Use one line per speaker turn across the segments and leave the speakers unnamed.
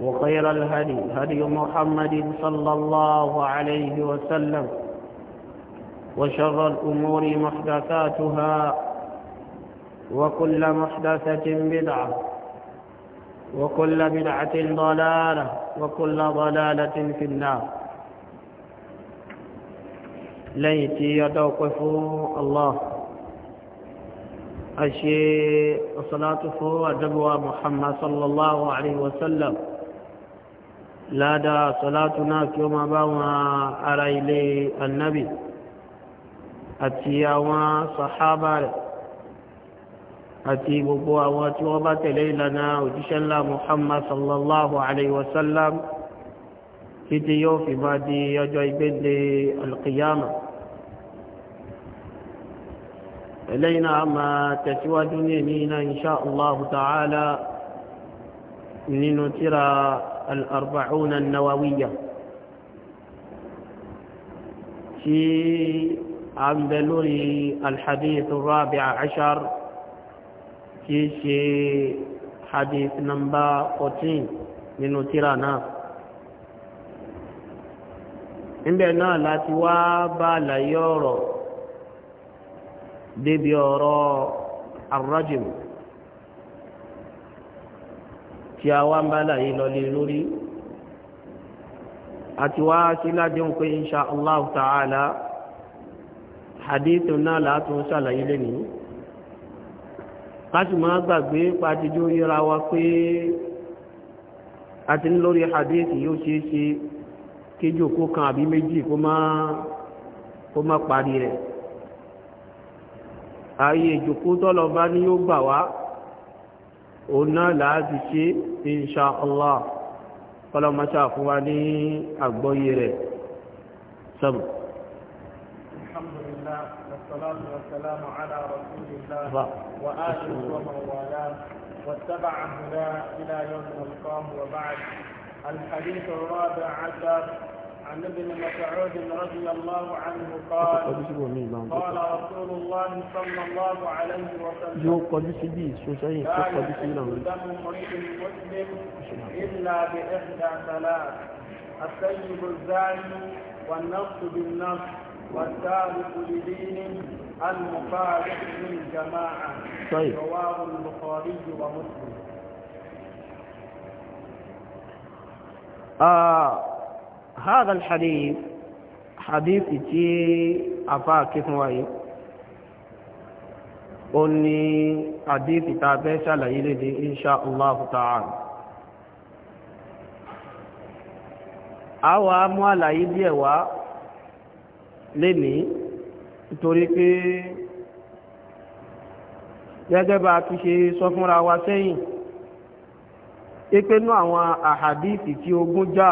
وخير الهدي هدي محمد صلى الله عليه وسلم وشر الأمور محدثاتها وكل محدثة بدعة وكل بدعة ضلالة وكل ضلالة في النار ليتي يتوقف الله أشيء الصلاة فهو محمد صلى الله عليه وسلم ládàá sọlátù náà kí ó máa bá wọn ara ilé annabi àti àwọn sàhábà rẹ̀ àti gbogbo àwọn tí wọ́n bá tẹ̀lé ìlànà òjíṣẹ́ ńlá muhammad sallallahu alaihi wasallam títí yóò fi bá di ọjọ́ ìgbéde alkiyama eléyìí náà máa tẹ̀síwájú ní èmi náà inṣá allahu ta'ala nínú tíra الأربعون النووية في عمدلوري الحديث الرابع عشر في شي حديث نمبر 14 من تيرانا níbẹ̀ náà láti wá bá àlàyé ọ̀rọ̀ débi ọ̀rọ̀ tí a wá ń bá láyé lọlé lórí àti wá sí ládéhùn pé insha allah ta'ala hadith náà látún ṣàlàyé lẹ́nìí láti máa gbàgbé pàtíjú yíra wa pé àti ní lórí hadith yóò ṣeé ṣe kéjò kó kan àbí méjì kó má parí rẹ̀ ààyè ìjòkó tọ́lọ bá ní yóò gbà wá ona náà láti ṣe insha Allah ọlọ́mọṣà fún wa ní àgbọ́yé rẹ̀ sọ́bù. alhamdulillah wassalatu wassalamu ala rasulillah wa alihi wa man walah واتبع هداه عن ابن مسعود رضي الله عنه قال قال رسول الله صلى الله عليه وسلم جو قد قد سيدي سيدي شو لا يحل دم امرئ مسلم الا باحدى ثلاث السيد الزاني والنص بالنص والثالث لدين المخالف للجماعه طيب رواه البخاري ومسلم آه هذا الحديث حديث تي أفاك فوائي أني حديث تابيس ليلدي إن شاء الله تعالى àwa mú àlàyé díẹ̀ wá lénìí nítorí pé gẹ́gẹ́ bá ti ṣe sọ fúnra wa sẹ́yìn pé pé nú àwọn àhàdíìsì tí ogún já ja,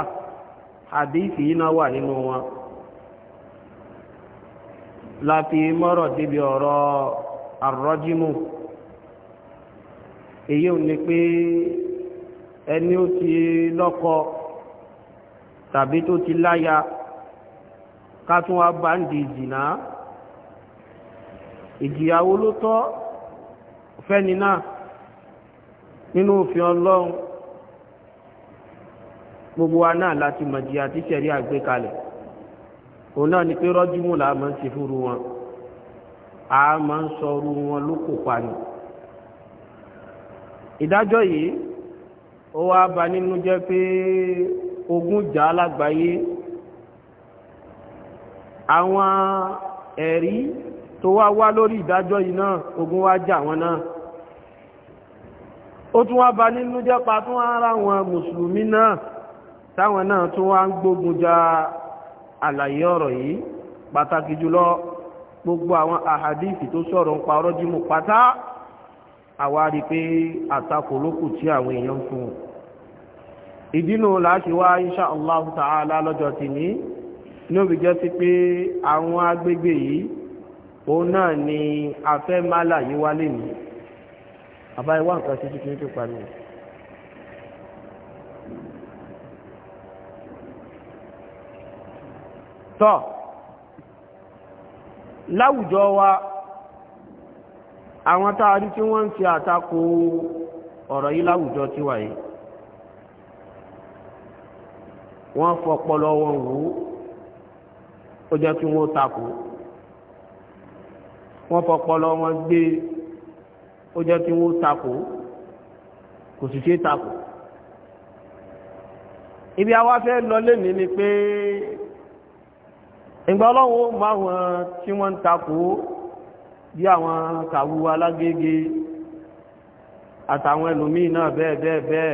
àdíìsì yìí náà wà nínú wọn láti mọ́rọ̀ débi ọ̀rọ̀ àrọ́jímù èyí ò ní pé ẹni ó ti lọ́kọ tàbí tó ti láya ká tún wá bá ń di ìjìnà ìjìyàwó ló tọ́ fẹ́ni náà nínú òfin ọlọ́run gbogbo wa náà láti mọ̀jì àti sẹ̀rí àgbékalẹ̀ òun náà ni pé rọ́júmù là máa ń ṣe fúru wọn a máa ń sọrú wọn lókò pani ìdájọ́ yìí ó wá bà nínú jẹ́ pé ogun jà lágbàáyé àwọn ẹ̀rí tó wá wá lórí ìdájọ́ yìí náà ogun wá jà wọn náà ó tún wá bà nínú jẹ́ pa tún ara wọn mùsùlùmí náà táwọn náà tún wá ń gbógun ja àlàyé ọ̀rọ̀ yìí pàtàkì jùlọ gbogbo àwọn àhàdíìsì tó sọ̀rọ̀ ń pa ọ̀rọ̀ jímù pátá àwa rí i pé àtakò ló tí àwọn èèyàn fún ìdínú láti wá insha Allah ta'ala lọ́jọ́ tìní ní òbí jẹ́ sí pé àwọn agbègbè yìí òun náà ni afẹ́ málà yìí wálé ní àbáyé wá nǹkan sí tuntun tó parí rẹ̀. tọ́ láwùjọ wa àwọn táàrí tí wọ́n ń fi àtakò ọ̀rọ̀ yìí láwùjọ tí wà yìí wọ́n fọpọlọ wọn wò ó ó jẹ́ kí wọ́n takò wọ́n fọpọlọ wọn gbé ó jẹ́ kí wọ́n takò kò sì ṣe takò ibi àwa fẹ́ lọ lẹ́nìí ni pé ìgbà ọlọ́run ó mọ àwọn tí wọ́n ń takò bí àwọn kàwú alágége àtàwọn ẹlòmíì náà bẹ́ẹ̀ bẹ́ẹ̀ bẹ́ẹ̀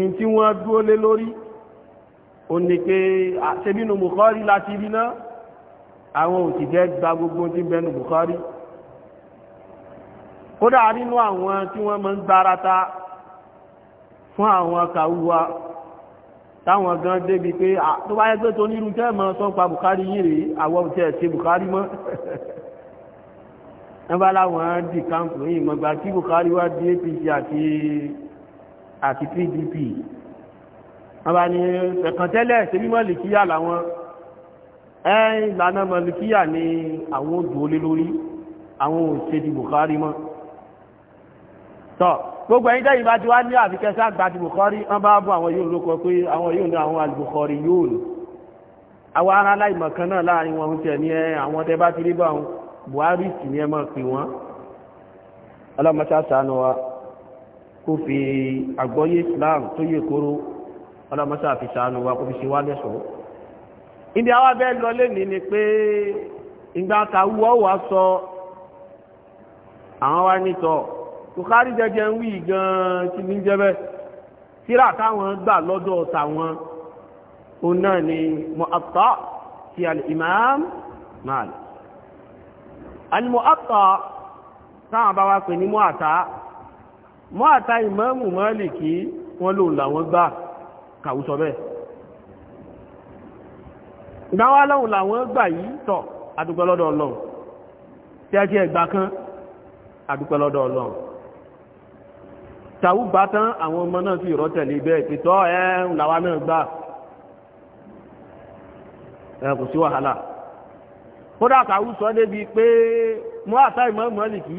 in tí wọ́n dúó lé lórí o ní pé àṣebínú Bukhari láti rí náà àwọn òtìjẹ́ gba gbogbo tí bẹnu Bukhari kódà nínú àwọn tí wọ́n máa ń gbárata fún àwọn kàwú wa táwọn gan débi pé tó bá yẹ pé tó nírú tẹ́ mọ́ sọ pa Bukhari yìí rí àwọn tẹ́ ṣe Bukhari mọ́ ẹ bá láwọn dì káńpù yìí mọ̀gbà tí Bukhari wá di APC àti àti PDP wọ́n bá ní ẹ̀kan tẹ́lẹ̀ ṣe bí mọ̀lìkíyà làwọn ẹ ìlànà mọ̀lìkíyà ni àwọn òdùn olé lórí àwọn òṣèdì Bukhari mọ́ gbogbo ẹ̀yin tẹ́yìn bá ti wá ní àfikẹ́ sáàgbà ti Bukhari wọ́n bá bọ́ àwọn yóò lókọ pé àwọn yóò ní àwọn al-Bukhari yóò lò àwọn ará aláìmọ̀ kan náà láàrin wọn tẹ̀ ní àwọn tẹ́ bá ti rí bá wọn Buhari sì ní ẹ pè wọ́n ọlọ́mọṣá sànù wa kó fi àgbọ́yé Islam tó yẹ kóró ọlọ́mọṣá fi sànù wa kó fi ṣe wá lẹ́sọ̀ọ́ àwọn ni pé ìgbà kàwọ́ wà sọ àwọn wá nítọ̀ọ́ Bukhari jẹjẹ ń wí gan-an kí ní jẹ́bẹ́ síra táwọn gbà lọ́dọ̀ tàwọn òun náà ni Mu'atta ti al-Imam Malik al-Mu'atta táwọn bá wá pè ní Mu'atta Mu'atta Imamu Maliki wọ́n lò làwọn gbà kàwùsọ bẹ́ẹ̀ ìgbàwà lọ́hùn làwọn gbà yìí tọ̀ adúpẹ́ Ọlọ́run tí a jẹ́ ìgbà kan adúpẹ́ Ọlọ́run tàwù bá tán àwọn ọmọ náà sì rọ́tẹ̀lé bẹ́ẹ̀ pẹ̀tọ́ ẹ̀ ń làwa náà gbà ẹ̀ kò sí wàhálà kódà kàwù sọ débi pé mú àtà ìmọ̀ Málíkì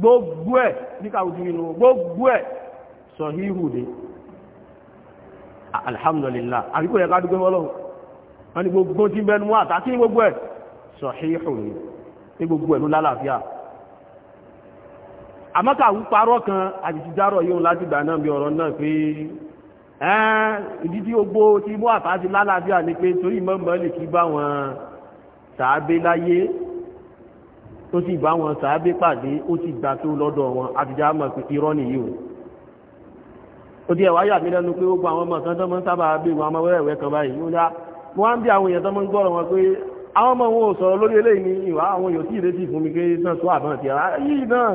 gbogbo ẹ̀ ní kàwù ti nínú gbogbo ẹ̀ sọ híhù dé alhamdulillah àríkò yẹ ká dúgbé mọ́lọ́hùn wọ́n àmọ́kàwú parọ́ kan àjìjìjárọ̀ yóò láti gbà náà bí ọ̀rọ̀ náà pé ẹ́n ìdí tí gbogbo tí mú àfáàsì lálàáfíà ni pé torí mọ́mọ́ lè kí bá wọn sàábé láyé tó sì bá wọn sàábé pàdé ó sì gbà tó lọ́dọ̀ wọn àtijọ́ àmọ̀ pé irọ́ nìyí àwọn ọmọ kan ò sọ̀rọ̀ lórí eléyìí ni ìwà àwọn yòókì ìrètí fún mi pé sàn tó àbọ̀n ti ara yìí náà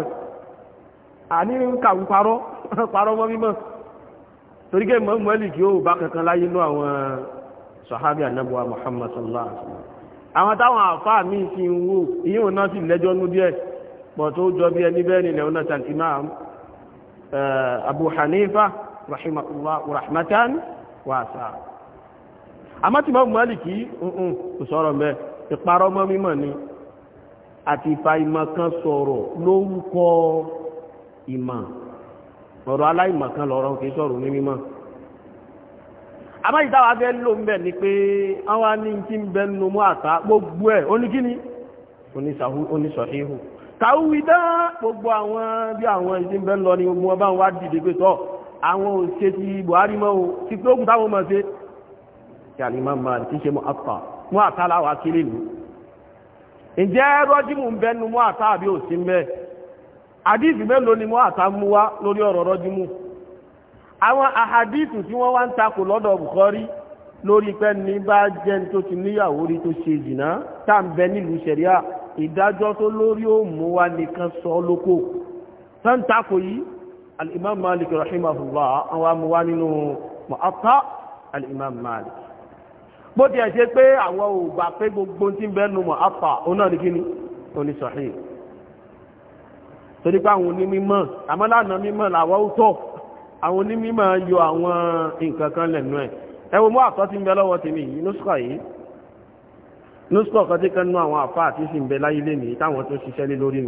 àní ń kàwù parọ́ parọ́ mọ́ mímọ́ torí gẹ́ mọ́ mọ́lì kí ó bá kankan láyé ní àwọn sọ̀hábí ànábọ̀wà Muhammad sallallahu alaihi wasallam àwọn táwọn àfáà míì fi ń wò ìyíwò náà sì lẹ́jọ́ nú díẹ̀ pọ̀ tó jọ bí ẹni bẹ́ẹ̀ nílẹ̀ ọ̀nà al-Imam eh, Abu àti ìfà ìmọ̀ kan sọ̀rọ̀ lórúkọ ìmọ̀ ọ̀rọ̀ aláìmọ̀kan lọ́rọ̀ kì í sọ̀rọ̀ ní mímọ̀ àmáyí táwà fẹ́ lò ń bẹ̀ ni pé àwọn ní kí ń bẹ nínú mú àtà gbogbo ẹ̀ oníkíní oníṣọ̀híhù tàwídá gbogbo àwọn bí àwọn ìdí ń bẹ lọ ni gbogbo ọba wá dìde pé tọ́ àwọn òṣè ti mọ́ o ti pé ogun táwọn mọ̀ sí kàlímà máa ti ṣe mọ́ àtà mú àtà láwà kéré lù àdíìsì mélòó ni wọ́n àtàmúwá lórí ọ̀rọ̀ rọ́júmù àwọn àhàdíìsì tí wọ́n wá ń takò lọ́dọ̀ Bukhari lórí pé ní bá jẹ́ ní tó ti níyàwó rí tó ṣe jìnà tá ń bẹ nílùú ṣẹ̀ríà ìdájọ́ tó lórí ó nìkan sọ lóko imam Malik rahimahullah àwọn amúwá nínú Muwatta al-Imam Malik bó ti ẹ̀ ṣe pé àwọn ò gbà pé gbogbo tí ń bẹ́ẹ̀ nu Muwatta òun náà oníṣọ̀hìn torí pé àwọn onímọ̀ àmọ́ lánàá mímọ̀ làwọ́ ó tọ̀ àwọn onímọ̀ yọ àwọn nǹkan kan lẹ́nu ẹ̀ ẹ wo mú àtọ́ ti ń bẹ lọ́wọ́ tèmi yìí nùsùkọ̀ yìí nùsùkọ̀ kan tí kan nú àwọn àfáà àti sì ń bẹ láyé lé nìyí táwọn tó ṣiṣẹ́ lé lórí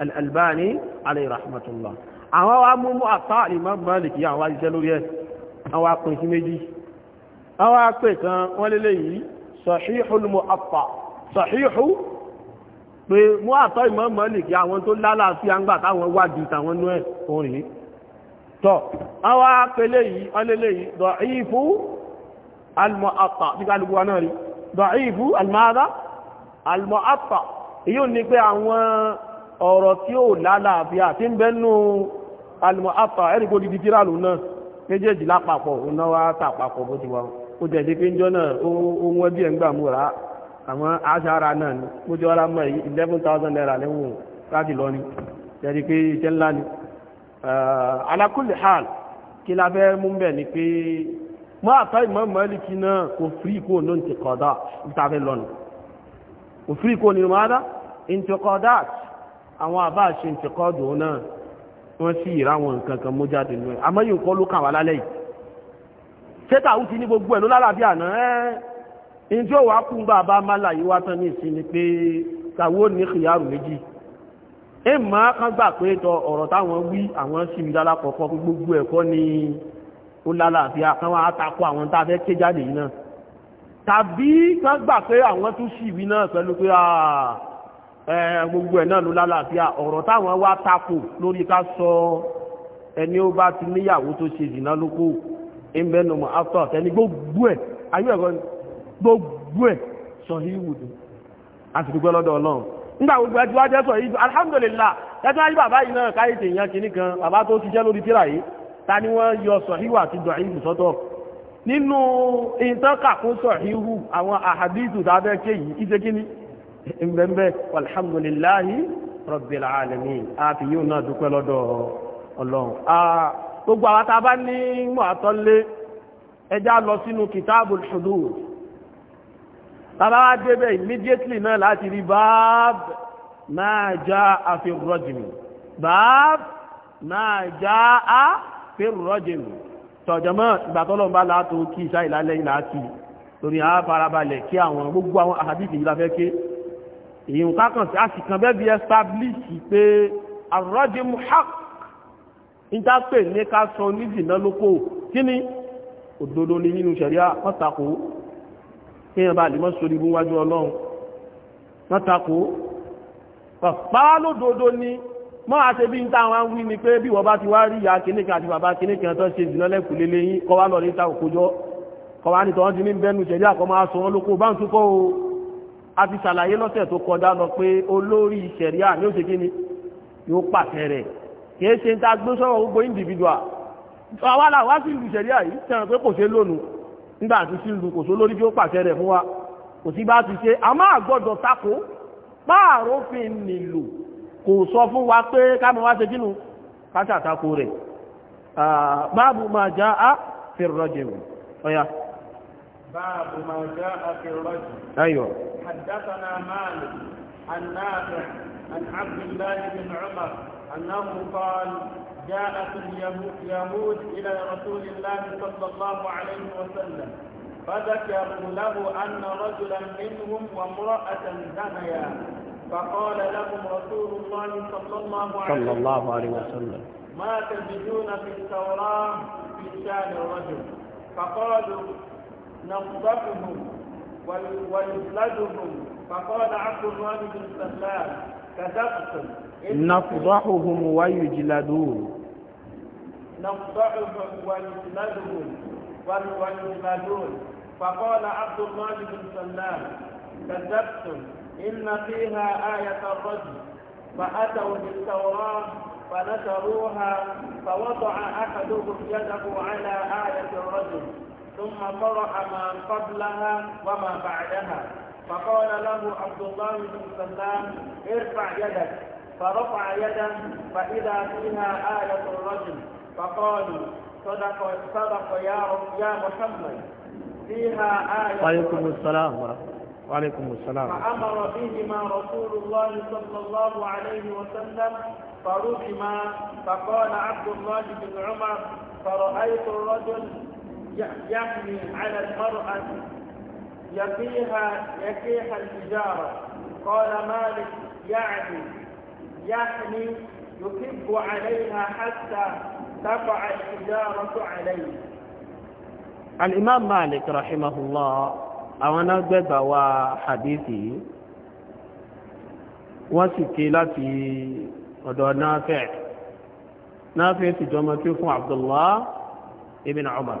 al-albani alayhi rahmatullah àwọn wá mú mú àtà Imam Malik àwọn wájíṣẹ́ lórí ẹ̀ àwọn apin sí méjì àwọn apin kan wọ́n lélẹ̀ yìí sahihul mu'atta sahihu pé mú àtà Imam Malik àwọn tó lálàáfíà ń gbà táwọn wádìí tàwọn nú ẹ̀ orin tọ́ àwọn apẹlẹ̀ yìí wọ́n lélẹ̀ yìí da'ifu al ọ̀rọ̀ tí ó lálàáfíà tí ń bẹ́nu alùmọ̀ àtọ̀ ẹ̀rìkó gidi tíra lò náà méjèèjì lápapọ̀ ọ̀nà wa tàpapọ̀ bó ti wà ó jẹ̀dí pé ń jọ náà ohun ẹbí ẹ̀ múra àwọn aṣáára náà ni ó jọ ara mọ́ eleven thousand naira lẹ́wọ̀n láti lọ ni jẹ̀dí pé iṣẹ́ ńlá ni. ala kulli hal kí ni pé mọ́ àtọ́ ìmọ̀ mọ́lìkì náà kò fírí kó ló ń ti kọ̀dá ìtafẹ́ àwọn àbá àṣe ìtìkọ́dù náà wọ́n sì ìráwọn nǹkan kan mú jáde nínú ẹ̀ àmọ́ yìí nǹkan ló kàn wá lálẹ́ yìí ṣẹ́tà ó ti ní gbogbo ẹ̀ ló lálàbí àná ẹ́ ní tí ó wàá kún bàbá mọ́là yìí wá tán ní ìsinmi pé tàwó ní kìyàrù méjì ẹ mọ́ kán gbà pé tọ ọ̀rọ̀ táwọn wí àwọn sì mi lálá kọ̀ọ̀kan pé gbogbo ẹ̀kọ́ ni ó lálàbí àkàn wá takọ àwọn tá a fẹ́ ké jáde yìí náà tàbí kán gbà pé àwọn tún sì wí náà pẹ̀lú pé àà gbogbo ẹ̀ náà ló lálàáfíà ọ̀rọ̀ táwọn wá takò lórí ká sọ ẹni ó bá ti níyàwó tó ṣe ìdìná lóko ìmẹ́numọ̀ after ẹni gbogbo ẹ̀ ayé ẹ̀kọ́ gbogbo ẹ̀ sọ híwùdù àti dúpẹ́ lọ́dọ̀ ọlọ́run nígbà gbogbo ẹ̀ tí wá jẹ́ sọ yìí alhamdulillah tẹ́tí wáyé bàbá yìí náà káyé tèèyàn kìíní kan bàbá tó ti jẹ́ lórí tíra yìí ta ni wọ́n yọ sọ híwù àti dọ̀ híwù sọ́tọ̀ nínú ìtànkà kún sọ híwù àwọn àhàdìsù tàbẹ́ kéyìí ìṣe kíní ìbẹ̀m̀bẹ̀ alhamdulillahi rabbil alamin a fi yíò náà dúpẹ́ lọ́dọ̀ ọlọ́run gbogbo àwọn tá a bá ní mọ̀ àtọ́lé ẹjá lọ sínú kitabul hudud tàbá wá débẹ̀ immediately náà láti rí báb máa já àfi rọ́jìmì báb máa já àfi rọ́jìmì tọ̀jọ̀mọ́ ìgbàtọ́lọ́run látò kí ìṣá ìlálẹ́yìn láti torí àwọn farabalẹ̀ kí àwọn gbogbo àwọn àhàdìsì yìí la èyí ń kákan sí àsìkàn bẹ́ẹ̀ bí establish pé àròjì muhaq ìjápè ní ká sọ onídìíná lóko kí ni òdodo ni nínú ṣẹ̀ríà mọ́tàkó kéèyàn bá lè mọ́ sórí ibú wájú ọlọ́run mọ́tàkó pàpá lódodo ni mọ́ àṣẹ bí n táwọn wí ni pé bí wọ́n bá ti wá rí ìyá kìnnìkan àti bàbá kìnnìkan tó ṣe ìdìnnà lẹ́kùn lélẹ́yìn kọ́ kọ́ wá ní a ti ṣàlàyé lọ́sẹ̀ tó kọjá lọ pé olórí ṣẹ̀ríà ní ó ṣe kí ni yóò pàṣẹ rẹ̀ kìí ṣe ń ta gbé sọ́wọ́ gbogbo individual àwa là wá sí ìlú ṣẹ̀ríà yìí sẹ́wọ̀n pé kò ṣe lónù nígbà tí sí ìlú kò sólórí tí ó pàṣẹ rẹ̀ fún wa kò sí bá ti ṣe a máa gbọ́dọ̀ tako páàrófin nìlò kò sọ fún wa pé káàmù wá ṣe kínú káṣàtako rẹ̀ báàbù máa já á fèrè rọ́jẹ̀wò ọ̀yà باب ما جاء في الرجل أيوة حدثنا مالك عن نافع عن عبد الله بن عمر أنه قال جاءت اليهود إلى رسول الله صلى الله عليه وسلم فذكروا له أن رجلا منهم وامرأة زنيا فقال لهم رسول الله صلى الله عليه, وسلم, صلى الله عليه وسلم ما تجدون في التوراة في شان الرجل فقالوا نقضتهم ونفلدهم فقال عبد الله بن سلام كذبتم نفضحهم ويجلدون نفضحهم ويجلدون ويجلدون فقال عبد الله بن سلام كذبتم إن فيها آية الرجل فأتوا بالتوراة فنشروها فوضع أحدهم يده على آية الرجل ثم طرح ما قبلها وما بعدها فقال له عبد الله بن سلام ارفع يدك فرفع يده فإذا فيها آية الرجل فقالوا صدق صدق يا رب يا محمد فيها آية وعليكم السلام ورحمة وعليكم السلام فأمر بهما رسول الله صلى الله عليه وسلم فرحما فقال عبد الله بن عمر فرأيت الرجل يحمي على المرأة يقيها يقيها الحجارة قال مالك يعني يحمي يكب عليها حتى تقع الحجارة عليه الإمام مالك رحمه الله أولا قد حديثي wọ́n sì ké láti ọ̀dọ̀ náà عبد الله ابن عمر.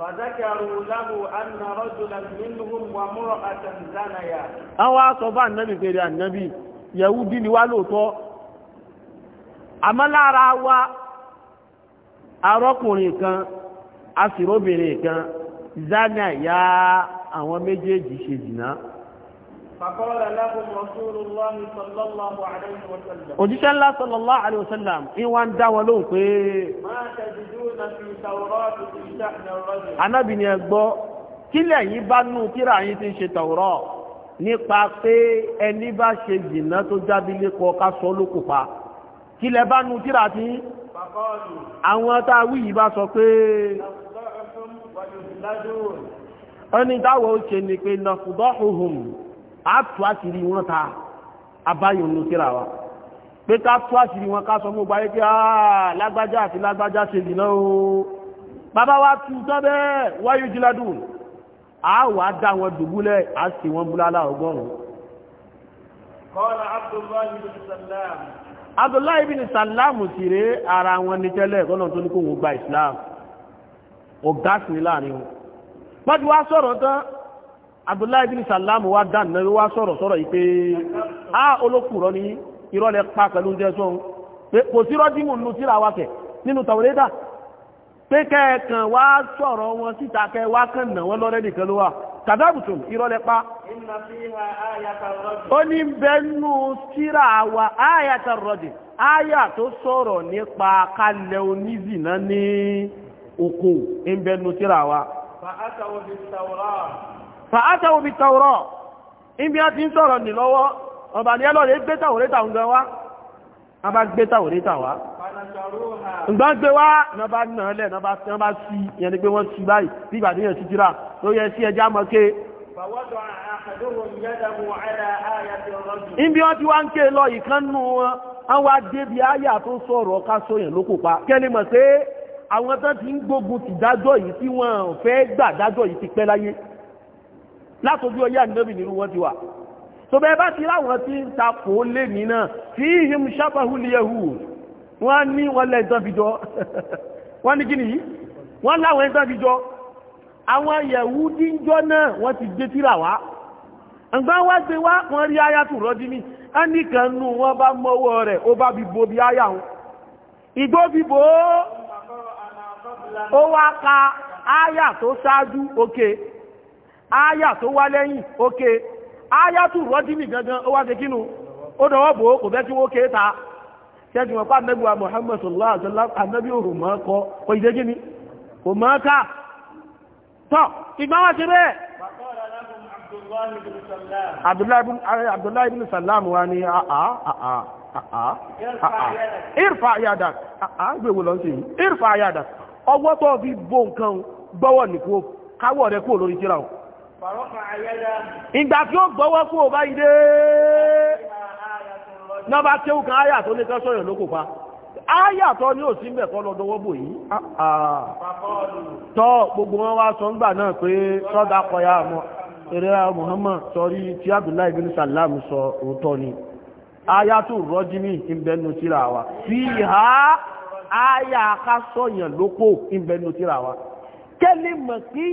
فذكروا له أن رجلا منهم وامرأة زنيا àwọn asọ̀bá ànábì pèrè ànábì yẹ̀wúdí ni wá lóòtọ́ àmọ́ lára wa arọ́kùnrin kan asìròbìnrin kan zánà yá àwọn méjèèjì ṣe jìnnà òjíṣẹ́ ńlá sallallahu alaihi wasallam ní wá ń dá wọn lóhùn pé anábì ni ẹ gbọ́ kílẹ̀ yìí bá nù kíra yìí ti ń ṣe tàwùrọ̀ nípa pé ẹni bá ṣe jìnnà tó jábílé kọ ká sọ lókò pa kílẹ̀ bá nù kíra tí àwọn tá yìí bá sọ pé ẹni táwọn ó ṣe ni pé nàfùdọ́hùhùn a wọn ta abáyọ̀nù síra wa pé ká tú àṣírí wọn ká sọ gbogbo ayé pé àà ah, lágbájá àti lágbájá ṣe dìná o bàbá wa tú tọ́bẹ̀ wáyé jìládùn a wà dá wọn dùbúlẹ̀ a sì wọn búlálà ọgọ́rùn Kọ́lá Abdullahi bin Sallam. Abdullahi bin Sallam sì ara wọn ní tẹ́lẹ̀ kọ́nà tó Islam. Ọ̀gá sí láàrin wọn. Pọ́jú wá abdullahi bin salam wa dan na wa sọ̀rọ̀ sọ̀rọ̀ yìí pé a olókùrọ ni irọ́ lẹ pa pẹ̀lú oúnjẹ sọ́hun pé kò sí rọ́dìmù nínú tíra wa kẹ̀ nínú tàwọ̀lẹ́dà pé kẹ́ẹ̀kan wá sọ̀rọ̀ wọn síta kẹ́ wá kàn nà wọ́n lọ́rẹ́ nìkan ló wà kàdábùtùn irọ́ lẹ pa ó ní bẹ́nu tíra wa áyàtà rọ́dì áyà tó sọ̀rọ̀ nípa kalẹ̀ onízìnà ní oko ń bẹ́nu tíra wa fàátà omi tàwọ̀rọ̀ ibi a ti ń sọ̀rọ̀ nì lọ́wọ́ ọba ní ẹlọ́rẹ̀ gbé tàwọ̀rẹ́ta ń gan wá a bá gbé tàwọ̀rẹ́ta wá ǹgbọ́n gbé wá nọba náà lẹ̀ nọba sí yẹn ni pé wọ́n sí báyìí bí ìgbà níyàn sí jíra ló yẹ sí ẹjá mọ́ ké ibi wọ́n ti wá ń ké lọ ìkánnú wọn àwọn adébí ayà ti ń yìí tí wọ́n fẹ́ gbà dájọ́ yìí ti pẹ́ láyé látòjú ọyá nẹ́bì nínú wọ́n ti wà tó bẹ́ẹ̀ bá ti láwọn tí ń takò lè ní náà fi ihim ṣápahú lè ẹ̀hù wọ́n ní wọ́n lẹ́ẹ̀tàn fi jọ wọ́n ní kíni yìí wọ́n láwọn ẹ̀tàn fi jọ àwọn yẹ̀hù díjọ́ náà wọ́n ti gbé tíra wá ǹgbá wá gbé wá wọ́n rí aya tù rọ́jí mi ẹnìkan nù wọ́n bá mọ́wọ́ rẹ̀ ó bá fi bo bí aya wọn ìgbó fi bo ó wá ka aya tó ṣáájú òkè okay. áyà tó wá lẹ́yìn ókè áyà tó rọ́dí mi gangan ó wá ṣe kínú ó dọwọ́ kò fẹ́ kí wọ́n ké ta ṣẹ́jú wọn pa mẹ́gbàá Muhammad sallallahu alaihi wasallam mọ́ kọ kò kò mọ́ ká tọ́ ìgbà wá ṣe bẹ́ẹ̀ Abdullahi ibn àà àà àà ìgbà tí ó gbọ́wọ́ kú ò bá yìí dé nọ́bá tí ó kan áyà tó ní kan sọ́yàn ló kò pa áyà tó ní ò sí mẹ́kọ́ lọ́dọwọ́ bò yìí ah, ah. tọ́ gbogbo wọn wá sọ ńgbà náà pé sọ́dá kọya mọ́ eré Muhammad sọrí tí Abdullahi bin Salam sọ òótọ́ ni áyà tó rọ́jìmí ìbẹnu tíra wa fi ha áyà ká sọ́yàn lókò ìbẹnu tíra wa kẹ́lí mọ̀ sí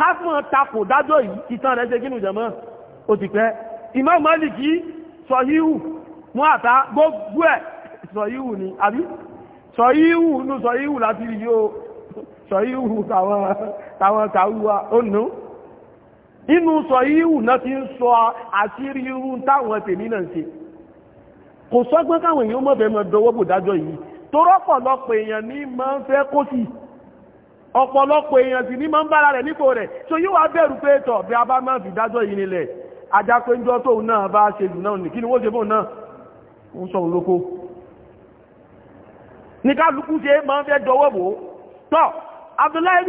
káfíńmọ̀ takò dájọ́ yìí ìtàn rẹ̀ ṣe kínú jẹ̀mọ́ ó ti pẹ́ Imam Málìkì sọ̀híhù mú àtà gbogbo ẹ̀ sọ̀híhù ni àbí sọ̀híhù nú sọ̀híhù láti rí yóò sọ̀híhù tàwọn kàwíwa ó nù inú sọ̀híhù náà ti ń sọ àṣírí irú táwọn tèmi náà ṣe kò sọ́gbọ́n káwọn èèyàn mọ̀fẹ́ mọ̀ dọwọ́ bò dájọ́ yìí torọ́pọ̀lọpọ̀ èèyàn ní máa ń fẹ́ kó sì ọ̀pọ̀lọpọ̀ èèyàn sì ní máa ń bára rẹ̀ nípò rẹ̀ so yóò wá bẹ̀rù pé tọ̀ bí a bá máa fi dájọ́ yìí nílẹ̀ ajápéjọ́ tóun náà bá ṣe jù náà nìkí ni wọ́n ṣe bóun náà ń sọ olóko ní kálukú ṣe máa ń fẹ́ jọwọ́ bò ó tọ́ Abdullahi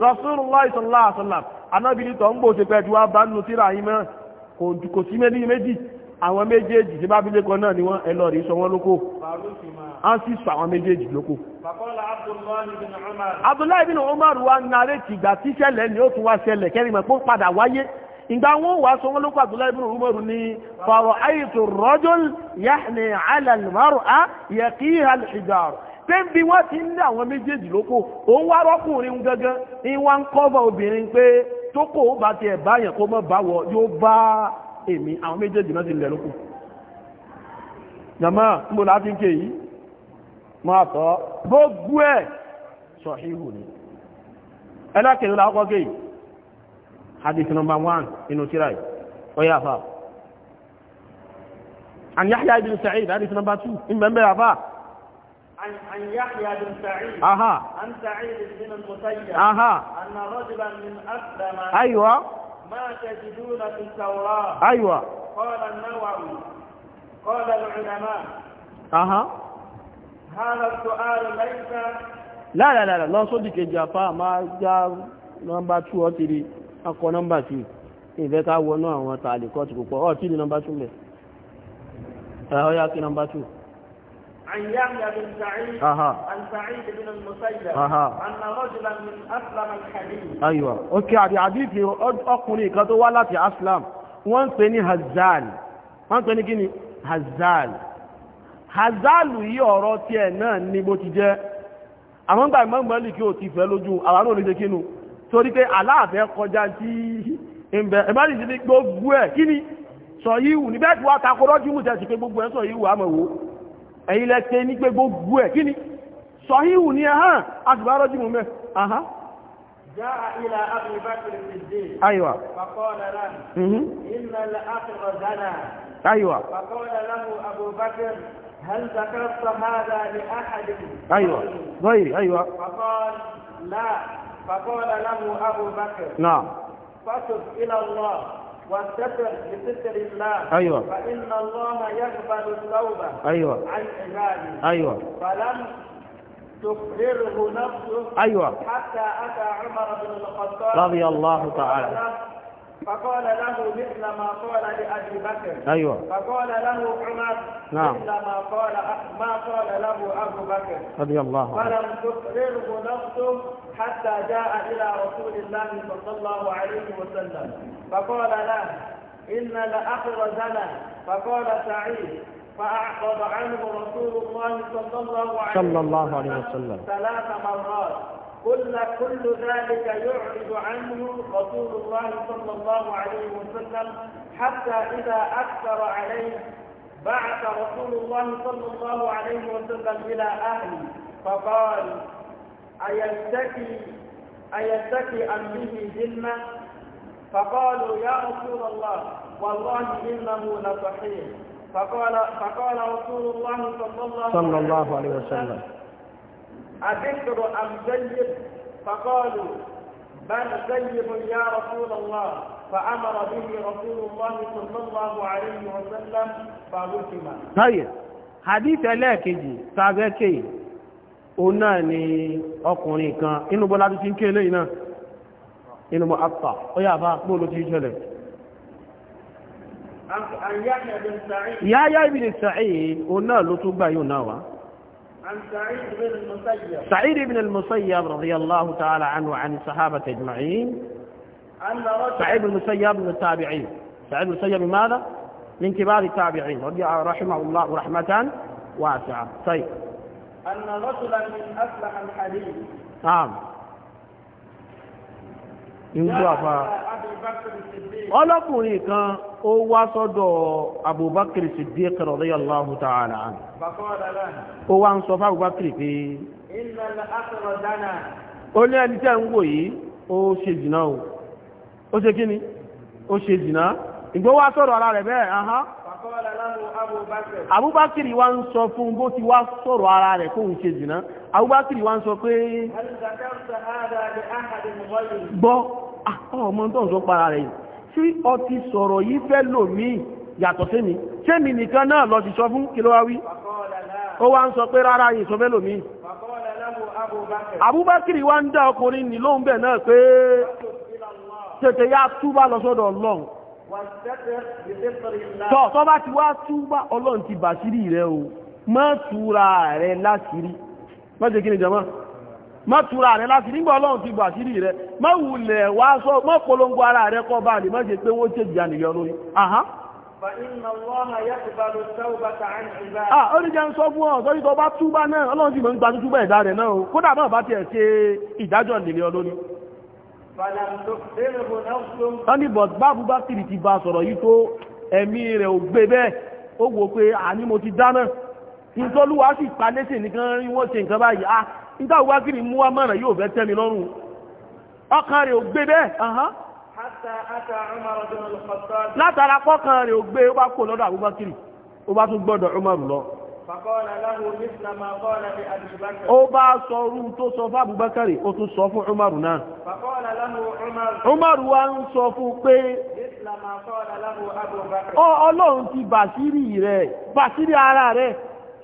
Rasulullah sallallahu alaihi wasallam anábìnrin tọ́ ń gbò ṣe pẹ̀lú abánú tíra àwọn méjèèjì tí bá bí lékan náà ni wọ́n ẹlọ rí sọ wọ́n lókò a sì sọ àwọn méjèèjì lókò Abdullahi bin Umar wa nàrè tí ìgbà tí ṣẹlẹ̀ ni ó tún wá ṣẹlẹ̀ kẹrin mọ̀ pé padà wáyé ìgbà wọn wá sọ wọ́n lókò Abdullahi bin Umar ni fàrọ̀ àyètò rọ́jòl yahni alàlùmárù á yẹ kí alìṣìjàrù pé bí wọ́n ti ń lé àwọn méjèèjì lókò òun wá rọ́kùnrin gangan ni wọ́n ń kọ́bọ̀ obìnrin pé tó ó bá tiẹ̀ báyàn kó mọ́ báwọ̀ yóò bá èmi àwọn méjèèjì náà ti lẹ̀ lókù jama mbò láti ń ké yìí máa tọ́ gbogbo ẹ̀ sọ̀híhù ni ẹlẹ́kẹ̀ẹ́ lákọ́ ké yìí hadith number one inú tíra yìí ọyá àfà عن يحيى بن سعيد حديث نمبر 2 ان بمبر عفا عن عن يحيى بن سعيد أها. عن سعيد بن المسيب أها. أن رجلا من اسلم أيوة. ما تجدون في التوراة أيوة قال النووي قال العلماء أها هذا السؤال ليس لا لا لا لا lọ sódì kejì àfá máa já nọ́mbà 2 3 akọ nọ́mbà 2 ìfẹ́ká wọnú àwọn tààlì kọ́ ti kò pọ̀ ọ̀tìrí nọ́mbà 2 lẹ̀ ọ̀yá kí nọ́mbà 2 عن يحيى بن سعيد عن سعيد بن المسيب أن رجلا من أسلم الحديث أيوة أوكي عدي حديث أقولي كتو ولا في أسلم wọ́n pè هزال hazal wọ́n pè ní kí ni hazal hazalu yí ọ̀rọ̀ tí ẹ̀ náà ní bó ti jẹ́ àwọn gbà ìmọ̀gbọ̀nlì kí o ti fẹ́ lójú àwọn náà oníṣe kínú torí pé aláàfẹ́ kọjá tí ìbẹ̀ ẹ̀bẹ́rì sí ní gbogbo ẹ̀ kí ni sọ yíwù níbẹ̀ tí wá takorọ́jú mú tẹ̀sí pé gbogbo ẹ̀ sọ yíwù àmọ̀wò ẹ̀yìn lẹ́tẹ́ ní pé gbogbo ẹ̀ kí ni sọ̀híhù ní ẹ̀hán àtìbárọ̀ jù mẹ́ àhán جاء إلى أبي بكر الصديق أيوة فقال له إن الأقر زنى أيوة فقال له أبو بكر هل ذكرت هذا لأحد أيوة غيري أيوة فقال لا فقال له أبو بكر نعم فتب إلى الله والستر لستر الله أيوة فإن الله يقبل التوبة أيوة عن عباده أيوة فلم تقرره نفسه أيوة حتى أتى عمر بن الخطاب رضي الله تعالى فقال له مثل ما قال لأبي بكر أيوة فقال له عمر نعم مثل ما قال ما قال له أبو بكر رضي الله عنه فلم تقرره نفسه حتى جاء إلى رسول الله صلى الله عليه وسلم فقال له إن لأخرجنا فقال سعيد فأعقب عنه رسول الله صلى الله عليه وسلم, صلى الله عليه وسلم ثلاث مرات قلنا كل ذلك يعرض عنه رسول الله صلى الله عليه وسلم حتى إذا أكثر عليه بعث رسول الله صلى الله عليه وسلم إلى أهله فقال أيتكي أيتكي أم به جنة فقالوا يا رسول الله والله إنه لصحيح فقال فقال رسول الله صلى الله, صلى الله عليه وسلم أذكر أم زيب فقالوا بل زيب يا رسول الله فأمر به رسول الله صلى الله عليه وسلم فغتم طيب حديث ẹlẹ́ẹ̀kejì tàbẹ́kẹ́ òun náà ni ọkùnrin kan inú bọ́lá tó ti ń kéèlé iná inú mọ́ àpá ó yà bá pòlò tí ìṣẹ́lẹ̀ Yahya ibn Sa'id òun náà ló tún gbà yóò náà عن سعيد بن المسيب سعيد بن المسيب رضي الله تعالى عنه عن الصحابة أجمعين سعيد بن المسيب من التابعين سعيد بن المسيب ماذا؟ من كبار التابعين رضي الله رحمه الله رحمة واسعة طيب أن رجلا من أفلح الحديث نعم ìgbó àfá ọlọ́kùnrin kan ó wá sọ́dọ̀ Abubakar Siddiq radiyallahu ta'ala anhu ó wá ń sọ fún Abubakar pé ó ní ẹni tẹ́ ń wò yìí ó ṣe jìnà ó ṣe ó ṣe jìnà ara rẹ̀ bẹ́ẹ̀ abubakiri wa ń sọ fún bó ti wá sọ̀rọ̀ ara rẹ̀ kóhun ṣe jìnà abubakiri wa ń sọ pé gbọ́ ọmọ tó ń sọ para rẹ̀ tí ọ ti sọ̀rọ̀ yìí fẹ́ lò mí yàtọ̀ sí mi ṣé mi nìkan náà lọ ti sọ fún kí ló wá wí ó wá ń sọ pé rárá yìí sọ fẹ́ lò mí abubakiri wa ń dá ọkùnrin nílò bẹ̀ náà pé tètè yá túbá lọ sọ́dọ̀ ọlọ́run tọ́ tọ́ bá ti wá túbá ọlọ́run ti bàṣírí rẹ o má túra rẹ láṣírí má ṣe kí ni jama má túra rẹ láṣírí nígbà ọlọ́run ti bàṣírí rẹ má wulẹ̀ wá sọ má polongo ara rẹ kọ́ bá lè má ṣe pé wọ́n ṣe jìyà nìyọ aha Ah, ó ní jẹ́ ń sọ fún ọ̀ sọ́rí tọ́ bá túbá náà ọlọ́run ti mọ̀ lórí wọ́n ní bọ̀ gbáàbù bá kìrì ti bá sọ̀rọ̀ yìí tó ẹ̀mí rẹ̀ ò gbé bẹ́ẹ̀ ó wò pé àní mo ti dáná ìtọ́lúwà sì palẹ́sì nìkan rí wọ́n ṣe nǹkan báyìí ah ìtàwà kìrì mú wá mọ̀ràn yóò fẹ́ tẹ́mi lọ́rùn ọkàn rẹ̀ ò gbé bẹ́ẹ̀ látara pọ́kàn rẹ̀ ò gbé ó bá kò lọ́dọ̀ Abubakiri ó bá tún gbọ́dọ̀ Umaru lọ ó bá sọ orú tó sọ fún sọ fún Umaru náà Umaru wa sọ fún pé Ọlọ́run ti bàṣírí rẹ̀ bàṣírí ara rẹ̀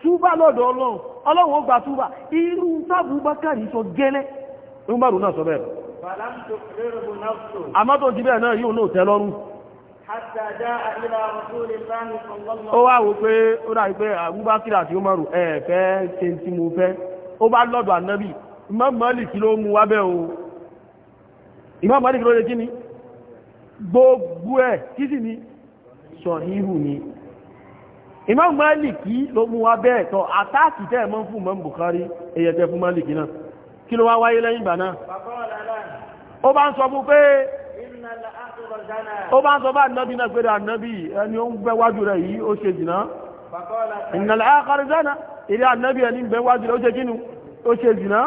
túbà lọ́dọ̀ Ọlọ́run Ọlọ́run ó túbà irú sábùbákàrí sọ gẹ́lẹ́ Umaru náà sọ bẹ́ẹ̀ àmọ́ tó ti bẹ́ẹ̀ náà yóò náà ó wá wò pé ó dàbí pé Abubakar àti Umaru ẹ̀ fẹ́ ṣe tí mo fẹ́ ó bá lọ́dọ̀ ànábì Imam Malik ló mú wá bẹ́ẹ̀ o Imam Malik ló lè kí ni gbogbo ẹ̀ kí sì ni sọ̀híhù ni Imam Malik ló mú wá bẹ́ẹ̀ tọ́ àtàkì tẹ́ fún Imam Bukhari fún Malik náà kí ló wá wáyé lẹ́yìn ìgbà náà ó bá ń sọ fún pé ó bá ń sọ bá ànábì náà pé ànábì ẹni ó ń bẹ wájú rẹ̀ yìí ó ṣe zìnà ìnàlẹ̀ àkọrọ̀ zánà ìrí ànábì ẹni ń bẹ wájú rẹ̀ ó ṣe kínú ó ṣe zìnà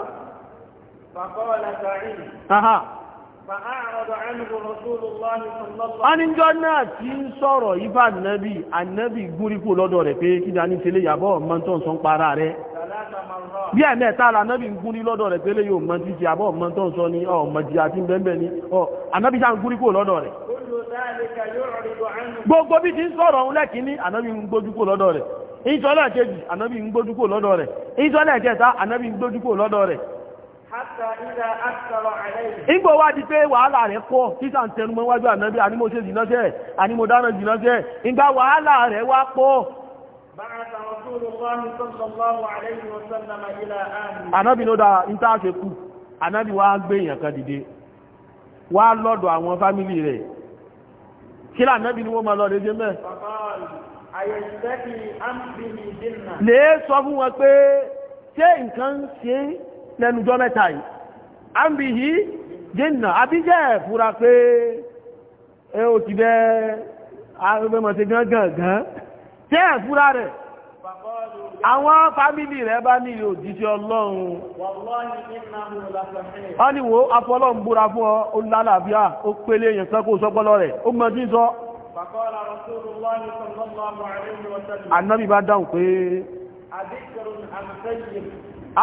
Anijọ́ náà tí ń sọ̀rọ̀ ìbá ànábì, ànábì lọ́dọ̀ rẹ̀ pé kí bí ẹ̀mẹ́ta anábì ń gúnrí lọ́dọ̀ rẹ̀ pélé yóò mọ jíjẹ àbọ̀ ọmọ tó ń sọ ní jíjẹ àti ni anábì sá ń kò lọ́dọ̀ rẹ̀ gbogbo bí ti ń sọ̀rọ̀ òun lẹ́kìíní ń gbójú kò lọ́dọ̀ rẹ̀ kejì ń gbójú kò lọ́dọ̀ rẹ̀ kẹta ń gbójú kò lọ́dọ̀ rẹ̀ Ìgbò wá di pé wàhálà rẹ̀ pọ̀ tẹnumọ́ wájú ànábí ṣe dáná Ìgbà wàhálà rẹ̀ wá بعث رسول الله صلى الله عليه وسلم إلى أهله Ànábì ló dá ń tá ṣe kú, ànábì wá gbé èèyàn kan dìde, wá lọ́dọ̀ àwọn fámílì rẹ̀. Kí là ànábì ni wọ́n máa lọ rẹ̀ jẹ́ mẹ́? Lè sọ fún wọn pé ṣé nǹkan ṣe lẹ́nujọ́ mẹ́ta pé ó tẹ́ ẹ̀ fúra rẹ̀ àwọn fámílì rẹ̀ bá ní òjíṣẹ́ ọlọ́run wọ́n ni wo afọ́lọ́run búra fún ọ o lálàáfíà o pélé èèyàn kan kó sọ́pọ́lọ́ rẹ̀ o mọ́ tí ń sọ ànábì bá dáhùn pé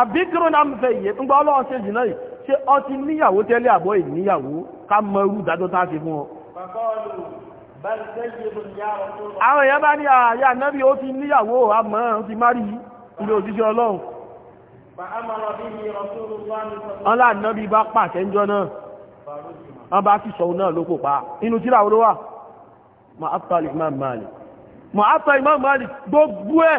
àbíkírún àmìfẹ́yẹ ń gbọ́ ọlọ́run ṣe jìnà yìí ṣe ọtí níyàwó tẹ́lẹ̀ àbọ́ ìníyàwó ká mọ irú ìdájọ́ tá a ṣe fún ọ àwọn èèyàn bá ní ah, àyà nẹ́bí ó ti níyàwó àmọ́ ó ti márí ilé òjíṣẹ́ ọlọ́run ọlá nẹ́bí bá pàṣẹ ń jọ náà wọ́n bá sì sọun náà ló kò pa inú tíra oló wà ma'afta imam malik ma'afta imam malik gbogbo ẹ̀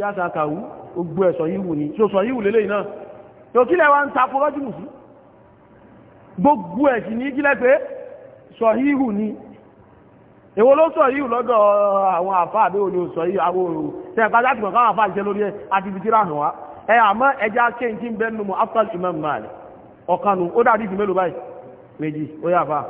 yá sàkàwú gbogbo ẹ̀ sọ̀yíwù ni tí ó sọ̀yíwù lélẹ̀ náà tó kílẹ̀ wa ń takò rọ́jùmù sí gbogbo ẹ̀ sì ní kílẹ̀ pé sọ̀yíwù ni èwo ló sọ yìí lọ́dọ̀ àwọn àfa àbí òní sọ yìí àwọn òòrùn tẹ ẹ̀ka láti mọ̀ káwọn àfa lórí àti ibi tíra hàn ẹ àmọ́ ẹja kéńtì ń bẹ́ nínú after Imam Malik ọ̀kanu ó mélòó báyìí méjì ó yà fà.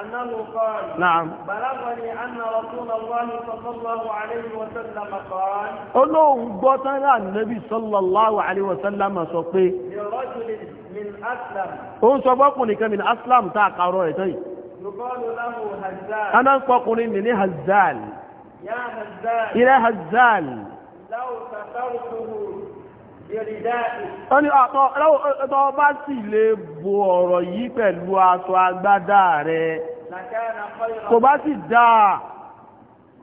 أنه قال نعم بلغني أن رسول الله صلى الله عليه وسلم قال Ọlọ́hun gbọ́ tán lá Nabi sallallahu alaihi wasallam sọ pé لرجل من أسلم ó ń sọ bọ́kùnrin kan min aslam tá a kàrọ ẹ̀ tán yìí يقال له هزال a náà ń pọkùnrin mi ní Hazal يا هزال ilẹ̀ Hazal لو تتركه wọ́n ni ọ̀tọ́ bá sì lè bo ọ̀rọ̀ yìí pẹ̀lú aṣọ agbádá rẹ̀ kò bá sì dáa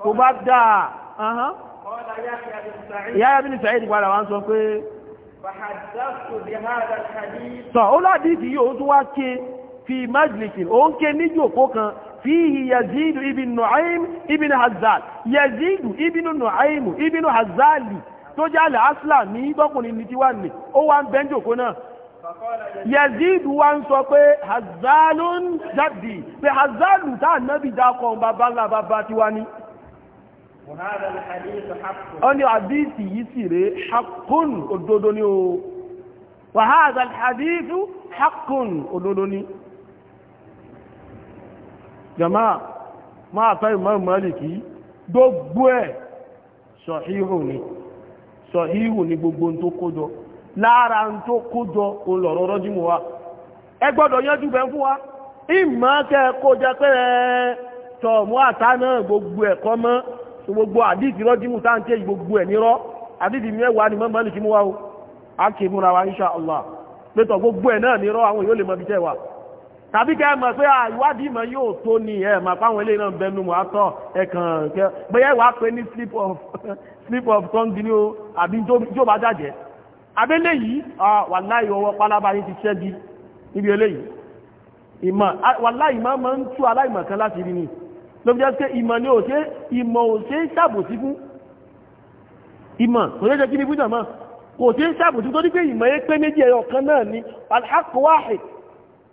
kò bá dáa Yahya bin Sa'id padà wá ń sọ pé tọ̀ ó ládìsí yóò tún wá ké fi majlisi ó ń ké ní jòkó kan فيه يزيد ابن نعيم ابن هزال tó jẹ́ àlẹ́ aslam ní bọ́kùnrin ní tí wà ní ó wá ń bẹ́ńjò kó náà yẹ̀zídù wá ń sọ pé hazalun jaddi pé hazalu tá ànábì dákọ̀ bàbá ńlá bàbá tí wá ní ó ní àdíìsì yìí sì rèé hakun òdodo ni o wàhálà hakun òdodo ni jama máa fẹ́ ìmọ̀ ìmọ̀ ìlìkì gbogbo ẹ̀ sọ̀híhù ni sọ̀híhù ni gbogbo tó kójọ lára tó kójọ olọ̀rọ̀ rọ́jímù wa ẹ gbọdọ yanjú bẹ́ fún wa ìmọ̀ kẹ́ kó jẹ na tọ̀mú àtá náà gbogbo ẹ̀kọ́ mọ́ gbogbo àdìsí rọ́jímù táǹkẹ́ gbogbo ẹ̀ nírọ́ mẹ́wàá ni wa e gbogbo tàbí kẹ́ ẹ mọ̀ pé ìwádìí mọ̀ yóò tó ni ẹ mọ̀ fáwọn eléyìí náà bẹnu mọ̀ àtọ̀ ẹ kàn kẹ́ bóyá ìwà pé ní slip of slip of tongue ni o àbí tí ó bá jàjẹ́ abẹ́lé yìí wàláì ọwọ́ pálábá yìí ti ṣẹ́gi níbi eléyìí ìmọ̀ wàláì máa máa ń tú aláìmọ̀ kan láti rí ni ló fi jẹ́ pé ìmọ̀ ni ò ṣe ìmọ̀ ò ṣe ń ṣàbòsí fún ìmọ̀ kò ṣe jẹ́ kí ni fún ìjọ̀mọ̀ kò ṣe ń ṣàbòsí tó ní ìmọ̀ yẹn pé méjì ẹyọ kan náà ni alhaq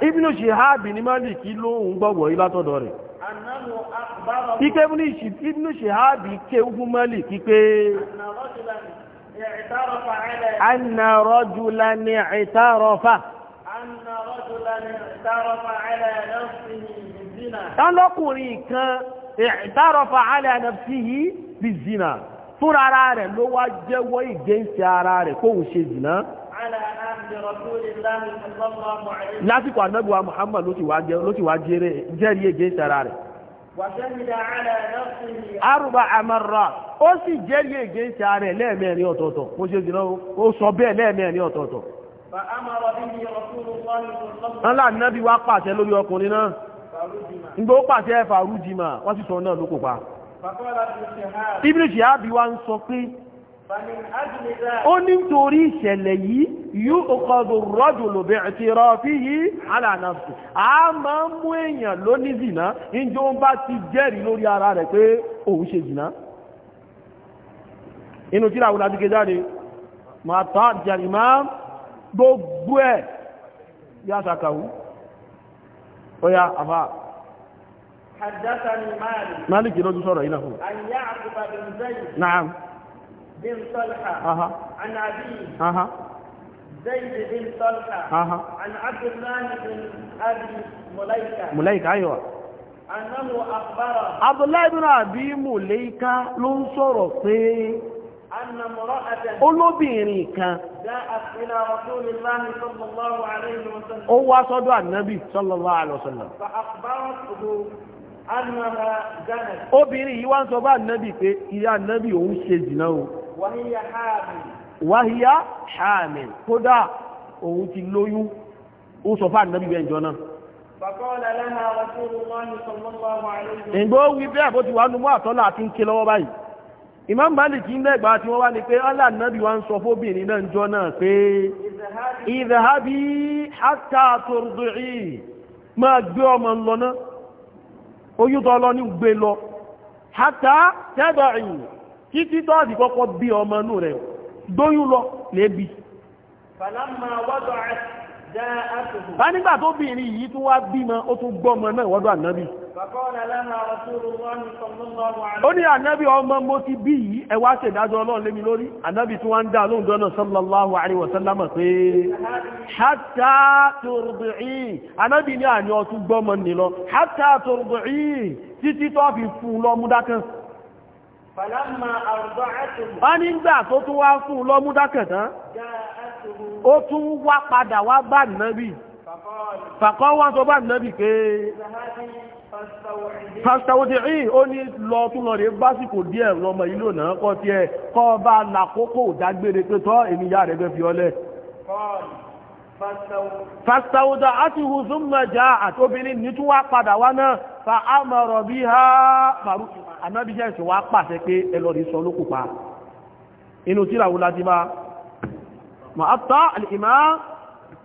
Ibn Shihab ní Málìkì lóhun gbọ́gbọ̀ ilátọ́dọ̀ rẹ̀ ike Ibn Shihab kéwú fún Málìkì pé anna rajulan i'tarafa tánlọ́kùnrin kan i'tarafa ala nafsihi bizina fúnra rẹ̀ ló wá jẹ́wọ́ ìgbésí ara rẹ̀ kóhun ṣe zina lásìkò anábìwá muhammad ló ti wá rẹ̀ arúgbà ó sì sara rẹ̀ lẹ́ẹ̀mẹ́rin ọ̀tọ̀ọ̀tọ̀ ó ṣe ó sọ bẹ́ẹ̀ lẹ́ẹ̀mẹ́rin ọ̀tọ̀ọ̀tọ̀ nábi wá pàṣẹ lórí ọkùnrin náà máa wọ́n sì sọ náà ló kò pa ṣe á bí wá ń sọ pé ó ní torí ìṣẹ̀lẹ̀ yìí yóò ọkọ̀dù rọ́jù lòbẹ̀ àti rọ́fí yìí alànàfẹ́ a máa mú èèyàn ló ní zìnà ìjọ bá ti jẹ́rìí lórí ara rẹ̀ pé òun ṣe zìnà inú tíra àwọn àti gẹjáde ma tọ́ jẹ́rìmá gbogbo ẹ̀ yá sàkàwú ó yá àfáà حدثني مالك مالك يلوذ صورة هنا هو أن يعقب بن زيد نعم بن طلحة عن أبيه زيد بن طلحة عن عبد الله بن أبي مليكة مليكة أيوة أنه أخبره عبد الله بن أبي مليكة ló ń sọ̀rọ̀ pé olóbìnrin kan ó wá sọ́dọ̀ ànábì sallallahu alaihi wasallam obìnrin yìí wá ń sọ bá ànábì pé ìyá ànábì òun ṣe jìnnà o wáhíyá hàmì wáhíyá hàmì kódà òun ti lóyún ó sọ fáà nàbí bẹ́ẹ̀ jọ náà ìgbó wí bẹ́ẹ̀ bó ti wà nínú àtọ́lá àti ń ké lọ́wọ́ báyìí Imam Malik ń lẹ́gbàá tí wọ́n wá ní pé Allah nàbí wá ń sọ fóbìnrin náà jọ náà pé ìdàhábí hatta turdi'i máa gbé ọmọ lọ náà títí tọ́ọ̀dì kọ́kọ́ bí ọmọ inú rẹ̀ dóyún lọ lébi bá nígbà tó bìnrin yìí tún wá bímọ ó tún gbọ́mọ náà wọ́dọ̀ ànábì ó ní ànábì ọmọ mo ti bí yìí ẹ wá wọ́n ń sallallahu alaihi wasallam pé hatta turdi'i ànábì ní àní ọtún gbọ́mọ hatta turdi'i títí tó fi fún lọ́múdákan wọ́n nígbà tó tún wá fún un lọ́mú dákẹ̀tán ó tún wá padà wá bá nàbì fàkọ́ wá tó bá nàbì pé fàṣàwòdìrí ó ní lọ tún lọ rẹ̀ básìkò díẹ̀ lọmọ ìlú náà kọ́ tí ẹ kọ́ bá làkókò dágbére pé tọ́ rẹ̀ fẹ́ fi ọlẹ́ fàṣàwùdà àti hùzùmọ̀ já àtóbìnrin ní tún wá padà wá náà fa àmọ̀rọ̀ bí ha pàrú anábíjẹ́ ìṣẹ́ wá pàṣẹ pé ẹlọ́rí sọ ló kùpa inú tíra wùlá ti bá ma a tọ́ alìmá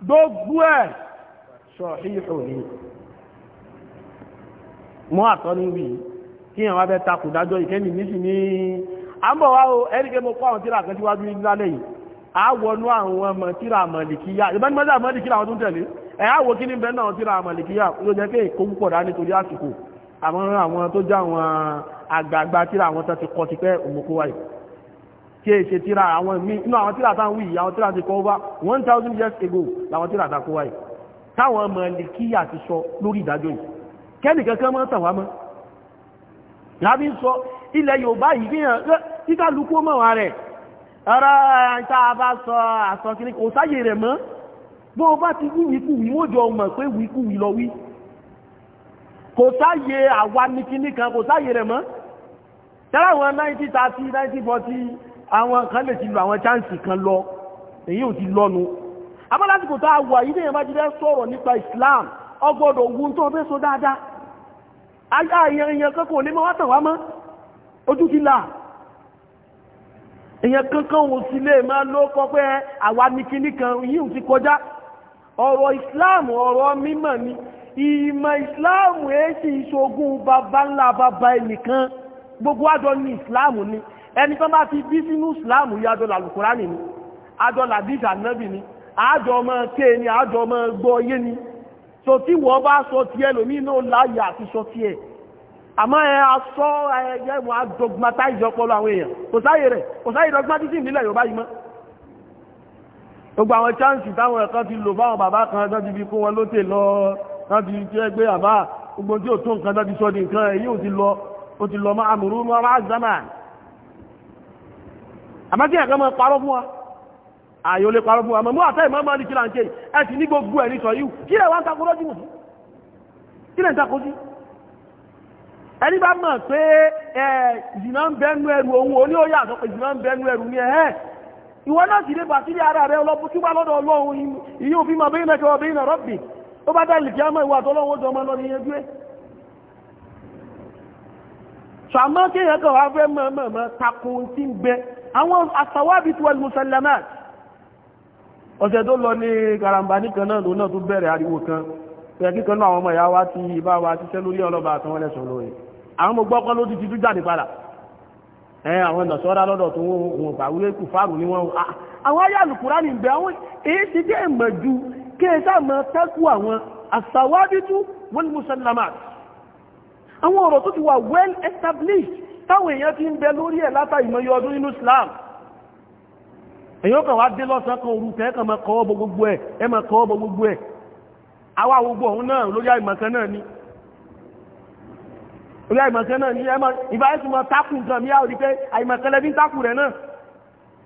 gbogbo ẹ̀ ṣọ̀híhù ni mọ́ àtọ́ ní wí kí àwọn abẹ́ takùdájọ́ ìkẹ́ni nísì ní àmbọ̀wá o ẹ́rìkẹ́ mọ́ pọ́ àwọn tíra àwọnú àwọn ọmọ tíra àmàlìkíyà ìbá ní mọ́sá àmàlìkíyà àwọn tó ń tẹ̀lé ẹ̀ àwọ̀ kí ní bẹ́ẹ̀ náà tíra àmàlìkíyà ló jẹ́ pé èkó púpọ̀ dá nítorí àsìkò àwọn àwọn tó já àwọn àgbààgbà tíra àwọn tó ti kọ ti pẹ́ òmùkó wáyé kí è ṣe tíra àwọn one thousand years ago làwọn tíra àtàkó wáyé táwọn àmàlìkíyà ti sọ lórí ìdájọ́ yìí kẹ́nì kankan mọ́ tàn wá mọ́ lábí sọ ilẹ̀ Yorùbá yìí fi rẹ̀ ọ̀rọ̀ ìta bá sọ àsọkiri kò sáyè rẹ̀ mọ́ bó bá ti wí wíkúwí wọ́n jọ mọ̀ pé wíkúwí lọ wí kò sáyè àwa ní kíní kan kò sáyè rẹ̀ mọ́ tẹ́lá àwọn 1930 1940 àwọn kan lè ti lo àwọn chánsì kan lọ èyí ò ti lọ́nu àmọ́ lásìkò tá a wà yìí lèyàn bá ti fẹ́ sọ̀rọ̀ nípa Islam ọgbọ́dọ̀ ogun tó fẹ́ sọ dáadáa ayé àyẹ̀yẹ̀ kan kò ní mọ́ wá tàn wá mọ́ ojú ti là èyàn kankan wò sí lè máa ló kọ pé àwa ní kíní kan yíò ti kọjá ọ̀rọ̀ islam ọ̀rọ̀ mímọ̀ ni ìmọ̀ islam èsì ìṣogun bàbá ńlá bàbá ẹnìkan gbogbo àjọ ní islam ni ẹni tó bá ti bí sínú islam yìí àjọ làlùkùránì ni àjọ làdíjà nábì ni àjọ ọmọ ké ni àjọ ọmọ gbọ́ yé ni so tí wọ́n bá sọ tiẹ̀ lómi náà láyà àti sọ tiẹ̀ àmọ́ ẹ asọ́ ẹgbẹ́ wọn adogmatize ọpọlọ àwọn èèyàn kò sáyè rẹ̀ kò sáyè dogmatism nílẹ̀ Yorùbá yìí mọ́ gbogbo àwọn chance táwọn ẹ̀kan ti lò fáwọn bàbá kan tán ti fi kó wọn lótè lọ tán ti jẹ́ gbé àbá gbogbo tí ó tó nǹkan tán ti sọ ní nǹkan èyí ò ti lọ ó ti lọ máa mùrú mọ́ máa zama àmákí ẹ̀kan mọ́ parọ́ fún wa ẹni bá mọ̀ pé ìjìnà ń bẹnu ẹrù ohun oní òyà àtọ́ pé ìjìnà ń bẹnu ẹrù ní ẹ̀hẹ́ ìwọ náà sì lè bà sílé ara rẹ ọlọ́pù tí wà lọ́dọ̀ ọlọ́run ìyí òfin mọ̀ bẹ́yìn mẹ́kẹ́ ọbẹ̀yìn rọ́bì tó bá dá ìlìkí ọmọ ìwà tọ́lọ́run ó jọmọ lọ́rin yẹn dúé ṣàmọ́ kí èèyàn kan wá fẹ́ mọ̀mọ̀ takò tí ń bẹ àwọn àsàwábì tí wọ́n mùsàlámà ọ̀sẹ̀ tó lọ ní karambà nìkan náà lónà tó bẹ̀rẹ̀ ariwo kan pẹ̀kí kan náà àwọn ọmọ ìyá wa ti bá wa ti ṣẹ́ lórí ọlọ́ba àtàwọn ẹlẹ́sọ̀ lórí àwọn mo gbọ́ kọ́ ló ti ti tú jáde padà ẹ àwọn nàṣọ́ra lọ́dọ̀ tó wọn gbàwúlé kù fáàrù ní wọn ah, àwọn ayé àlùkùrá ní ìbẹ̀ àwọn èyí ti dé ìmọ̀ ju kí ẹ sáà máa tẹ́kù àwọn àsàwádìtú wal musallamat àwọn ọ̀rọ̀ tó ti well established táwọn èèyàn ti ń bẹ lórí ẹ̀ látà ìmọ̀yọ ọdún nínú Islam èyàn kan wá dé lọ́sàn kan orú tẹ́ẹ̀kan máa kọ́ gbogbo ẹ̀ orí àìmọ̀kẹ́ náà ní ẹmọ ìbáyẹ̀sùn mọ́ tákù nǹkan mi áwọ̀ di pé àìmọ̀kẹ́ lẹ́bí tákù rẹ̀ náà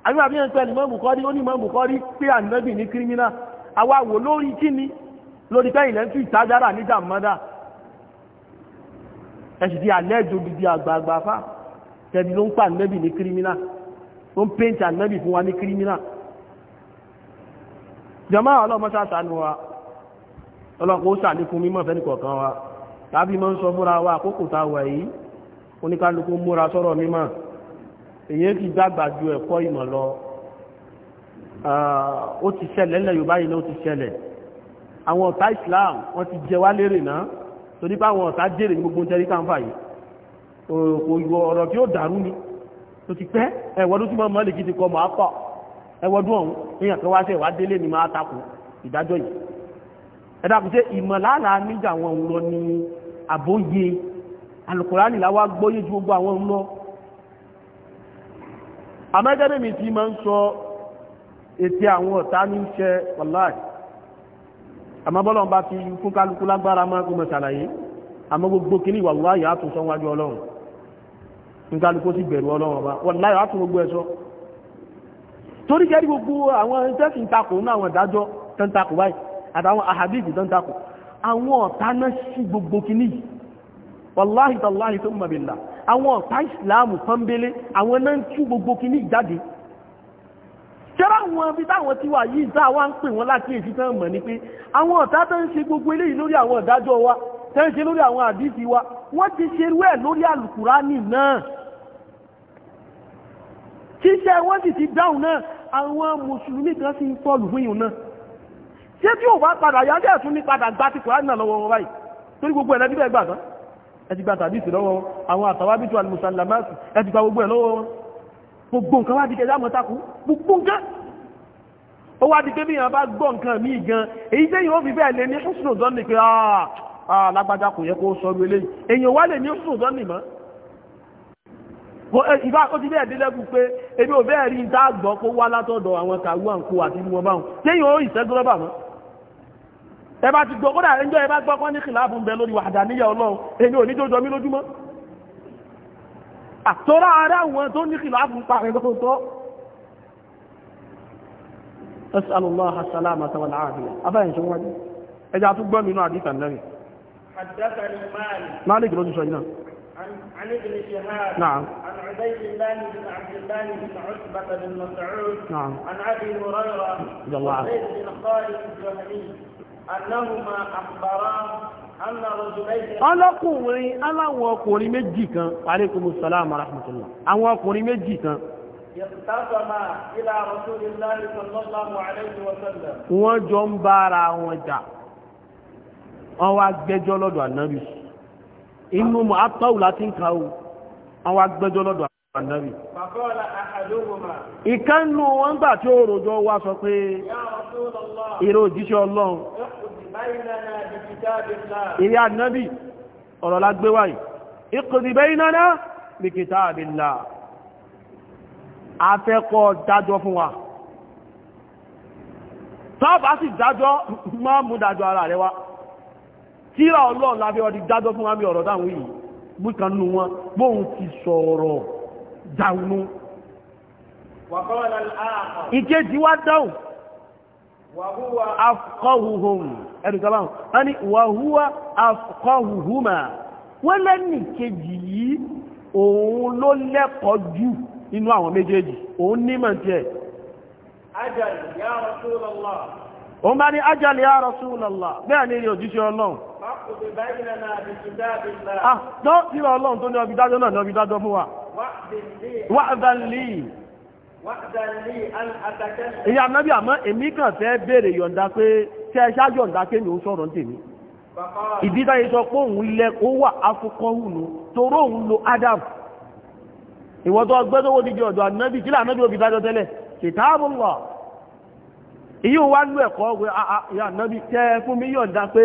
àyíwá bí ẹn pẹ̀lú mọ́mù kọ́rí ó ní mọ́mù kọ́rí pé ànábì ní kírímínà awáwò lórí kíni lórí pé ilẹ̀ ń tú ìtajára ní jàmọ́dá ẹ̀sì di alẹ́ jòdìdì àgbààgbà fà tẹ̀bi ló ń pa ànábì ní kírímínà ó ń péǹtì ànábì fún wa ní kírímínà jọmọ́ ọlọ́mọ sàṣàánú wa ọlọ́kùn ó sàlékún mímọ́ fẹ́nìkọ̀ọ̀kan wa tàbí mọ́ ń sọ fúnra wa àkókò tá wà yìí oníkálukú múra sọ́rọ̀ mímọ̀ èyí ti dàgbà ju ẹ̀kọ́ ìmọ̀ lọ ó ti ṣẹlẹ̀ lẹ́ Yorùbá yìí ló ti ṣẹlẹ̀ àwọn ọ̀tá Islam wọ́n ti jẹ wá lérè náà tó nípa àwọn ọ̀tá jèrè ní gbogbo jẹ́rí káńfà yìí kò yọ ọ̀rọ̀ tí ó dàrú ni tó ti pẹ́ ẹ̀wọ́dún tí wọ́n mọ́lì kí ti kọ mọ́ apọ̀ ẹ̀wọ́dún ìmọ̀lára níjà àwọn òun lọ ní àbóyé alùkùránì láwá gbóyé ju gbogbo àwọn lọ amẹ́gẹ́dẹ́ mi ti máa ń sọ ètè àwọn ọ̀tá ní iṣẹ́ wàláì àmọ́bọ́lọ́n bá ti fún kálukú lágbára máa kó mọ̀sàlàyé àmọ́ gbogbo kí ní wàláì àtúnṣọ́ wájú ọlọ́run nígbàlùkú sí bẹ̀rù ọlọ́run ọba wàláì àtún gbogbo ẹ̀ṣọ́ torí jẹ́rí gbogbo àwọn tẹ́sìn takò ní àwọn ìdájọ́ tẹ́ntakò báyìí àwọn ọ̀tá náà sí gbogbo kìíní wàláhì tàláhì tó mọ̀ bìlá àwọn ọ̀tá ìsìláàmù pọ́nbélé àwọn náà ń tú gbogbo kìíní jáde tẹ́rọ àwọn bí táwọn tí wà yìí tá wá ń pè wọ́n lákíyèsí tán mọ̀ ní pé àwọn ọ̀tá tó ń ṣe gbogbo eléyìí lórí àwọn ìdájọ́ wa tẹ́ ń ṣe lórí àwọn àdífi wa wọ́n ti ṣe rú ẹ̀ lórí àlùkùránì náà ṣíṣẹ́ wọ́n sì ti dáhùn náà àwọn mùsùlùmí kan sì ń fọ́ọ̀lù fún ìhùn náà ṣé tí ò bá padà yá jẹ́ ẹ̀tún ní padà gbá ti kùránì náà lọ́wọ́ wọn báyìí torí gbogbo ẹ̀lẹ́bí bẹ́ẹ̀ gbà tán ẹti gba tàbí sí lọ́wọ́ àwọn àtàwà bí tó alìmùsàlámásì ẹti gba gbogbo ẹ̀ lọ́wọ́ wọn gbogbo nǹkan wá dìkẹ́ yàmọ́ takú gbogbo nǹkan ó wá dìkẹ́ bí yàn bá gbọ́ nǹkan míì gan èyí tẹ́ yìí ó fi bẹ́ẹ̀ lé ní ṣùsùn òdán ní pé alágbájá ah, ah, kò yẹ kó sọ lu eléyìí èyàn wá lè ní ṣùsùn òdán nì mọ́ ìbá ó ti bẹ́ẹ̀ délẹ́kù pé ebi ò bẹ́ẹ̀ rí dáàgbọ́ kó wá látọ̀dọ̀ àwọn kàwú àǹkó àti ìlú wọn báwọn tẹ́yìn ó ìṣẹ́gbọ́n bàmọ́ ẹba ti gbọ́ kódà ẹjọ́ ẹba gbọ́ kọ́ ní kìláàbù ń bẹ lórí wàdà níyà ọlọ́run èyí ò ní jọjọ mí lójúmọ́ àtọ́rọ ara wọn tó ní kìláàbù ń parí lọ́tọ́ asàlùmọ́ asàlámà tàwọn àbíyà abáyẹn ṣe wájú عن ابن شهاب نعم عن عبيد الله بن عبد الله بن عتبة بن مسعود نعم عن أبي هريرة رضي الله عنه بن خالد الجهني ọlọ́kùnrin aláwọ̀ ọkùnrin méjì kan alaykumus salam wa rahmatullah àwọn ọkùnrin méjì kan wọ́n jọ ń bára wọn jà wọ́n wá gbẹ́jọ́ lọ́dọ̀ ànábì inú mọ̀ átọ́wù láti ń ka o wọ́n wá gbẹ́jọ́ lọ́dọ̀ Annabi. Ìkánnù wọn gbà tí ó rojọ wá sọ pé ìrò òjíṣẹ́ Ọlọ́run. Ìrì Annabi, ọ̀rọ̀ la gbé wáyìí. Iqdi baynana bi kitabillah. A fẹ́ kó dájọ́ fún wa. Tọ́ọ̀bá sì dájọ́ máa mú dájọ́ ara rẹ wá. Tíra Ọlọ́run lábẹ́ ọdí dájọ́ fún wa bí ọ̀rọ̀ dáhùn yìí. Gbíkanú wọn, bóhun ti sọ̀rọ̀. dànù. ìkejì wá dáhùn afkọ́huhum ẹ̀rùgbà báhùn wọ́n ni wàhúwá afkọ́huhuma wọ́n lẹ́nì kejì yìí òun ló lẹ́kọ̀ọ́ jù nínú àwọn méjèèjì òun nímọ̀ tí ẹ̀ ajali ah dọ́ ìrà ọlọ́run tó ní ọbí dájọ́ náà ní ọbí dájọ́ fún wa wàdàlì ìyá nábì àmọ́ èmi kàn fẹ́ béèrè yọ̀ǹda pé tẹ́ ṣáájú yọ̀ǹda pé mi ò sọ̀rọ̀ ń tèmi ìdí táyé sọ pé òun lẹ ó wà afọkọ́hùnú toró òun lo Adam ìwọ́n tó gbẹ́dọ́wọ́ díjọ ọ̀dọ̀ ànábì kí lànábì òbí dájọ́ tẹ́lẹ̀ Kitabullah ìyí wá lú ẹ̀kọ́ wẹ́ ah, ah, ànábì tẹ́ fún mi yọ̀ǹda pé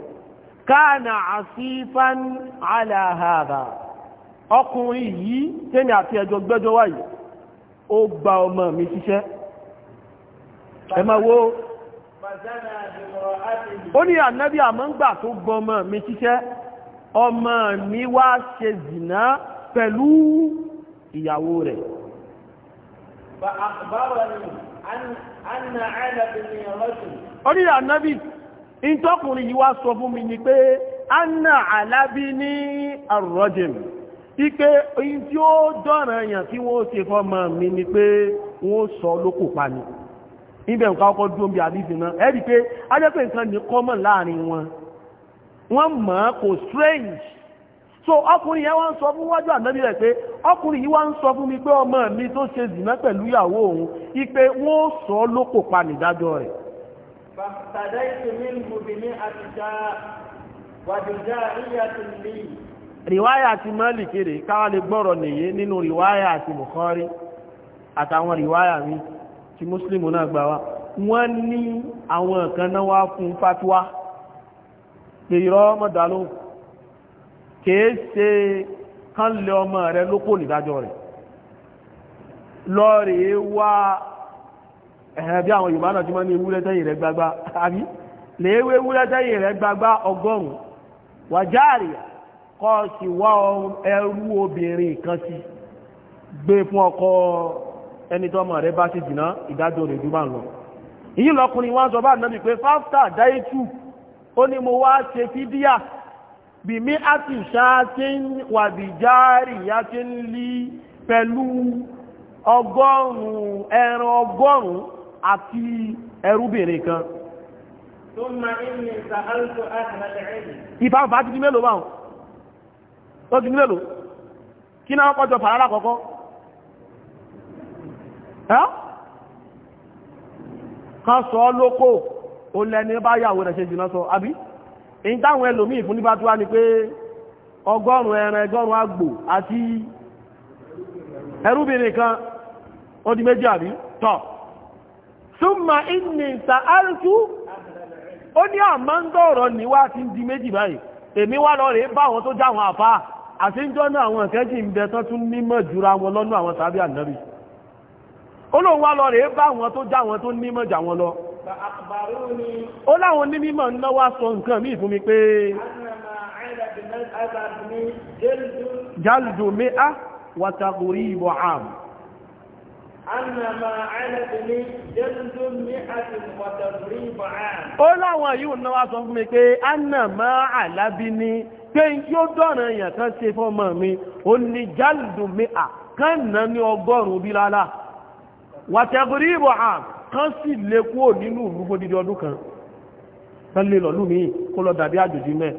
káànà àfífán aláhàbà ọkùnrin yìí tẹ́ni àti ẹjọ gbẹ́jọ wáyìí ó gba ọmọ mi ṣiṣẹ́ ẹ máa wo ó ní ànábí àmọ́ngbà tó gbọ́ ọmọ mi ṣiṣẹ́ ọmọ mi wá ṣe zìná pẹ̀lú ìyàwó rẹ̀ ó ní ànábí ìtọ́kùnrin yìí wá sọ fún mi ni pé anna alábí ní arọ́jìm ipé oyin tí ó dọ̀rọ̀ èèyàn tí wọ́n ṣe fọ́mọ mi ni pé wọ́n sọ lókò pa níbẹ̀ ọkọ̀ pé nǹkan ní wọn wọ́n mọ̀ strange so ọkùnrin yẹn wá sọ fún wájú ànábì rẹ̀ pé ọkùnrin yìí sọ fún mi pé ọmọ ipe wọ́n sọ فاقتديت منه بمئة جاء وبجائية لي رواية ti كيري rè káwà lè gbọ́rọ̀ nìyí nínú riwaya ti Bukhari àtàwọn riwaya mi ti Muslim náà gbà wá wọ́n ní àwọn kan náà wá fún fatuwa pé irọ́ mọ́dáló kìí ṣe kán lè ọmọ rẹ̀ lókò nídájọ́ rẹ̀ lọ́rẹ̀ wá ẹ̀hẹ̀ bí àwọn Yorùbá náà ti mọ́ ní ewúrẹ́ tẹ́yìn rẹ̀ gbagbá àbí léèwé ewúrẹ́ tẹ́yìn rẹ̀ gbagbá ọgọ́rùn-ún wàjáàrì kọ́ sí wá ẹrú obìnrin kan sí gbé fún ọkọ ẹni tó ọmọ rẹ̀ bá sì jìnà ìdájọ́ rẹ̀ jùmọ̀ lọ ìyí lọkùnrin wọn sọ bá nàbì ọgọ́rùn-ún ẹran ọgọ́rùn-ún àti ẹrúbìnrin kan ìfàǹfà ti di mélòó báwọn ó ti di mélòó kí náà kọjọ fàárà kọ́kọ́ kan sọ lókò ó lẹ́ni bá yàwó rẹ̀ ṣe jìnà sọ àbí táwọn tó wá ní pé ọgọ́rùn kan ó di méjì àbí tọ́ túnmà ìní ìta àrùtú ó ní àmáńdọ̀rọ̀ ah, níwá ti ń di méjì báyìí èmi wá lọ rèé bá àwọn tó jáwọn àfá àti àwọn ìkẹ́jì ń bẹ tán tún nímọ̀ wọn lọ́nà àwọn tàbí ànábì lọ wàtàkùrí ó láwọn yìí náà wá sọ fún mi pé anàmá àlábí ni pé kí ó dọ̀nà èèyàn kan ṣe fún ọmọ mi ó ní jálùdù mi à kán nà ní ọgọ́rùn-ún bí lálá wàtẹ̀bùrí ìbò à kán sì lè kúrò nínú ìlú gbódìdí ọdún kan kán lè lọ̀lú mi kó lọ dàbí àjòjì mẹ́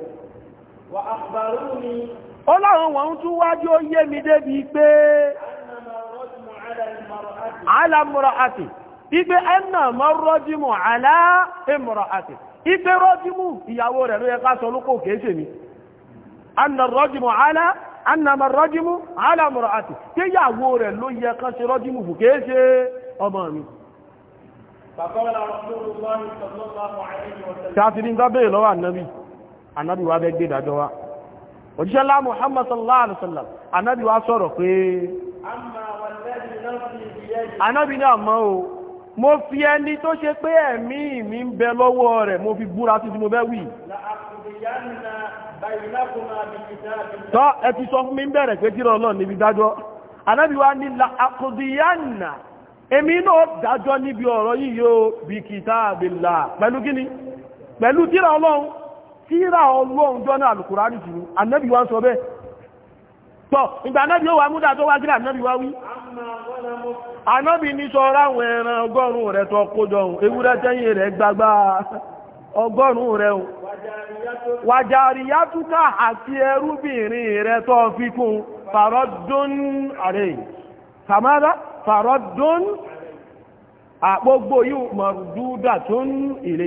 ó láwọn wọ̀n tún wájú ó yé mi débi pé ala mura'ati ipe ẹnà mọ́ rọ́jímù ala imra'ati ipe rọ́jímù ìyàwó rẹ̀ ló yẹ ká sọ lókò kéèsè mi anna rọ́jímù ala anna mọ́ rọ́jímù ala mura'ati tí ìyàwó rẹ̀ ló yẹ ká sọ rọ́jímù fù kéèsè ọmọ mi ṣáfìrí ń gábẹ̀rẹ̀ lọ́wọ́ ànábì anábì ní àmọ́ o mo fi ẹni tó ṣe pé ẹ̀mí mi ń bẹ lọ́wọ́ rẹ̀ mo fi búra tuntun mo bẹ́ wì tọ́ ẹ sọ fún mi ń bẹ̀rẹ̀ pé níbi dájọ́ anábì ní la èmi náà dájọ́ níbi ọ̀rọ̀ yìí yóò bí kìtàbílà pẹ̀lú kíni pẹ̀lú tíra ọlọ́run sọ anábì ní sọ ráwọn ẹran ọgọ́rùn rẹ̀ tó kójọ ohun ewúrẹ́ tẹ́yìn rẹ̀ gbagbá ọgọ́rùn rẹ̀ ohun wàjàríyá túká àti ẹrúbìnrin rẹ̀ tó fi kún fàrọ́dún àrẹ kàmára fàrọ́dún àpógbò yíò mọ̀rùdúdà tó ń ilé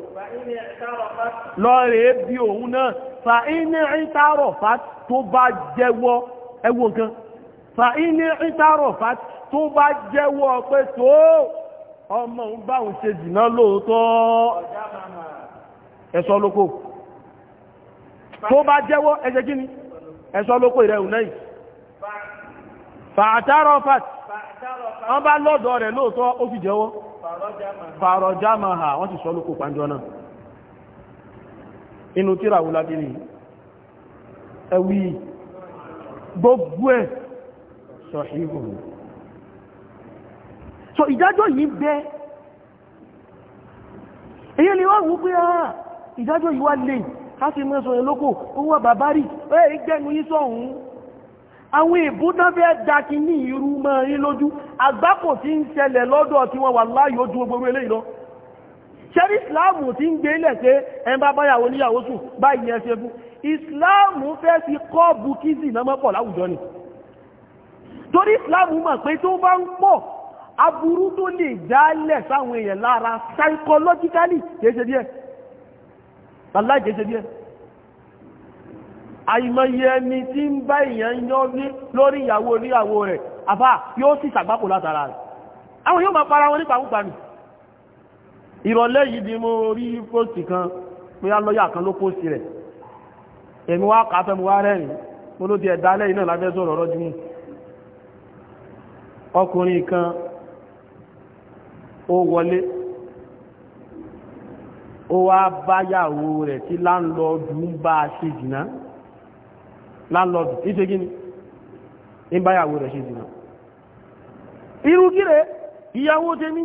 lọ́rẹ̀ bí òun náà fa iní ìtàrọ̀fà tó bá jẹ́wọ́ fa iní ìtàrọ̀fà tó bá jẹ́wọ́ pé tó ọmọ òun báhùn ṣe jìnà lóòótọ́ ẹ̀ṣọ́ lókò tó bá jẹ́wọ́ ẹjẹ́ gíní ẹ̀ṣọ́ lókò ìrẹ̀ òun náà fàrọ̀jámàhà wọ́n ti sọ lókò pàjọ náà inú tíra wù lábírí ẹwí gbogbo ẹ̀ sọ̀híhùn so ìdájọ́ yìí bẹ́ èyí ni wọ́n wú pé àà ah, ìdájọ́ yìí wá lè ká fi mọ́ sọ̀rọ̀ lókò owó bàbárì ẹ̀ ìgbẹ́nu yí sọ̀hún àwọn èbó náà fẹ́ da kí ní irú mọ́ rí lójú àgbákò tí ń ṣẹlẹ̀ lọ́dọ̀ tí wọ́n wà láyé ojú gbogbo eléyìí lọ ṣẹ́rí ìsìláàmù tí ń gbé ilẹ̀ pé ẹn bá báyàwó níyàwó sùn báyìí ẹ ṣe fún ìsìláàmù fẹ́ fi kọ́ bukízì náà mọ́pọ̀ láwùjọ ni torí ìsìláàmù mọ̀ pé tó bá ń pọ̀ aburú tó lè jálẹ̀ àìmọye ẹni tí ń bá èèyàn yọ́ ní lórí ìyàwó oníyàwó rẹ̀ àfá yóò sì sàgbápò látara rẹ̀ àwọn yóò máa para wọn nípa púpà nì ìrọ̀lẹ́ yìí ni mo rí pósì kan pé á lọ́yà kan ló pósì rẹ̀ èmi wá kàáfẹ́ mo wá rẹ́rìn mo ló di ẹ̀dá lẹ́yìn náà lábẹ́ sọ̀rọ̀ ọ̀rọ̀ jùmù ọkùnrin kan ó wọlé ó wá báyàwó rẹ̀ tí láńlọ́ọ̀dù ń bá a ṣe jìnnà láńlọ́dù ìṣe gíní ń báyàwó rẹ̀ ṣe ìdìnà irú gírẹ̀ ìyàwó tèmi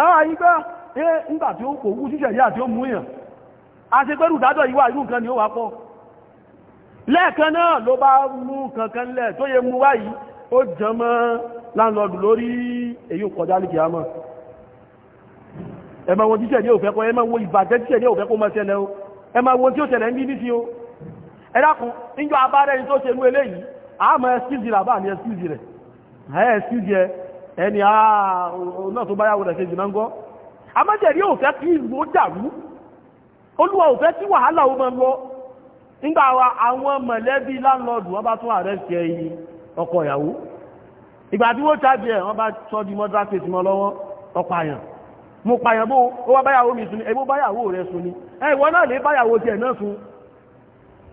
àwọn àyíká ẹ nígbà tí ó kò wú síṣẹ̀lẹ̀ àti ó mú èèyàn a ṣe pẹ́rù dájọ́ ìwà irú nǹkan ni ó wà pọ̀ lẹ́ẹ̀kan náà ló bá mú kankan lẹ̀ tó yẹ mú wáyìí ó jẹmọ́ láńlọ́dù lórí èyí kọjá ní kìámọ́ ẹmọ wọn jíṣẹ̀lẹ̀ òfẹ́ kọ ẹmọ wọn ìbàjẹ́ jíṣẹ̀lẹ̀ òfẹ́ kó mọ́ ṣẹlẹ̀ o ẹmọ wọn tí ó ṣẹlẹ̀ ń bí ní fi o ẹ̀dàkùn níjọ abárẹ́ ní tó ṣe ní eléyìí a ẹ̀sìkìzì rà bá ní ẹ̀sìkìzì rẹ̀ ẹ̀sìkìzì ẹ ẹni náà tó báyàwó rẹ̀ kejì náà ń gọ́ amájẹ̀rí ò fẹ́ kí ìlú ó dàrú olúwa ò fẹ́ kí wàhálà ó máa lọ nígbà àwọn mọ̀lẹ́bí láńlọ́ọ̀dù ọkọ ìyàwó ìgbà tí wọ́n ṣáàbì di mọ́dá fèsì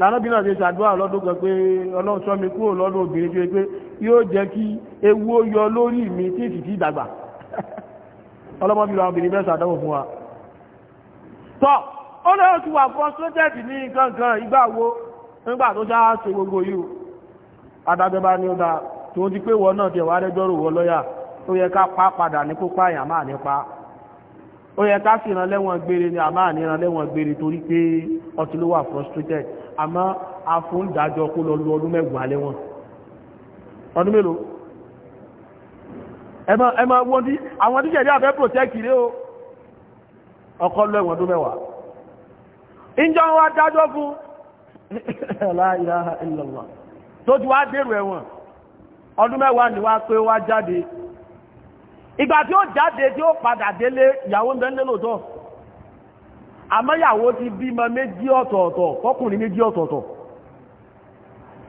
lànàbí náà ṣe ṣàdúrà lọ́dún kan pé ọlọ́run sọ mi kúrò lọ́dún obìnrin tó yẹ pé yóò jẹ́ kí ewu ó yọ lórí mi tí ìsìtì ìdàgbà ọlọ́mọbìnrin àwọn obìnrin mẹ́sàn àdánwò fún wa tọ́ ó lọ́wọ́ ti wà frustrated ní nǹkan kan nígbà tó ṣáá ṣe gbogbo yìí adájọ́ ní tó ti pé náà wọ lọ́yà ó yẹ ká pa padà ní kó máa ó yẹ ká sì lẹ́wọ̀n gbére torí pé ọtí ló wà àmọ́ afúndájọ́ kó lọ lu ọdún mẹ́wàá lẹ́wọ̀n ọdún mélòó ẹ máa wọ́n dí àwọn díjẹ̀ ní àfẹ́ protect ilé o ọkọ̀ lọ ẹ̀wọ̀n ọdún mẹ́wàá ìjọ wa dájọ́ fún la ilaha illallah tó ti wá dèrò ẹ̀wọ̀n ọdún mẹ́wàá ni wá pé wá jáde ìgbà tí ó jáde tí ó padà délé ìyàwó ń bẹ àmọ́yàwó ti bima méjì ọ̀tọ̀ọ̀tọ̀ fọ́kùnrin méjì ọ̀tọ̀ọ̀tọ̀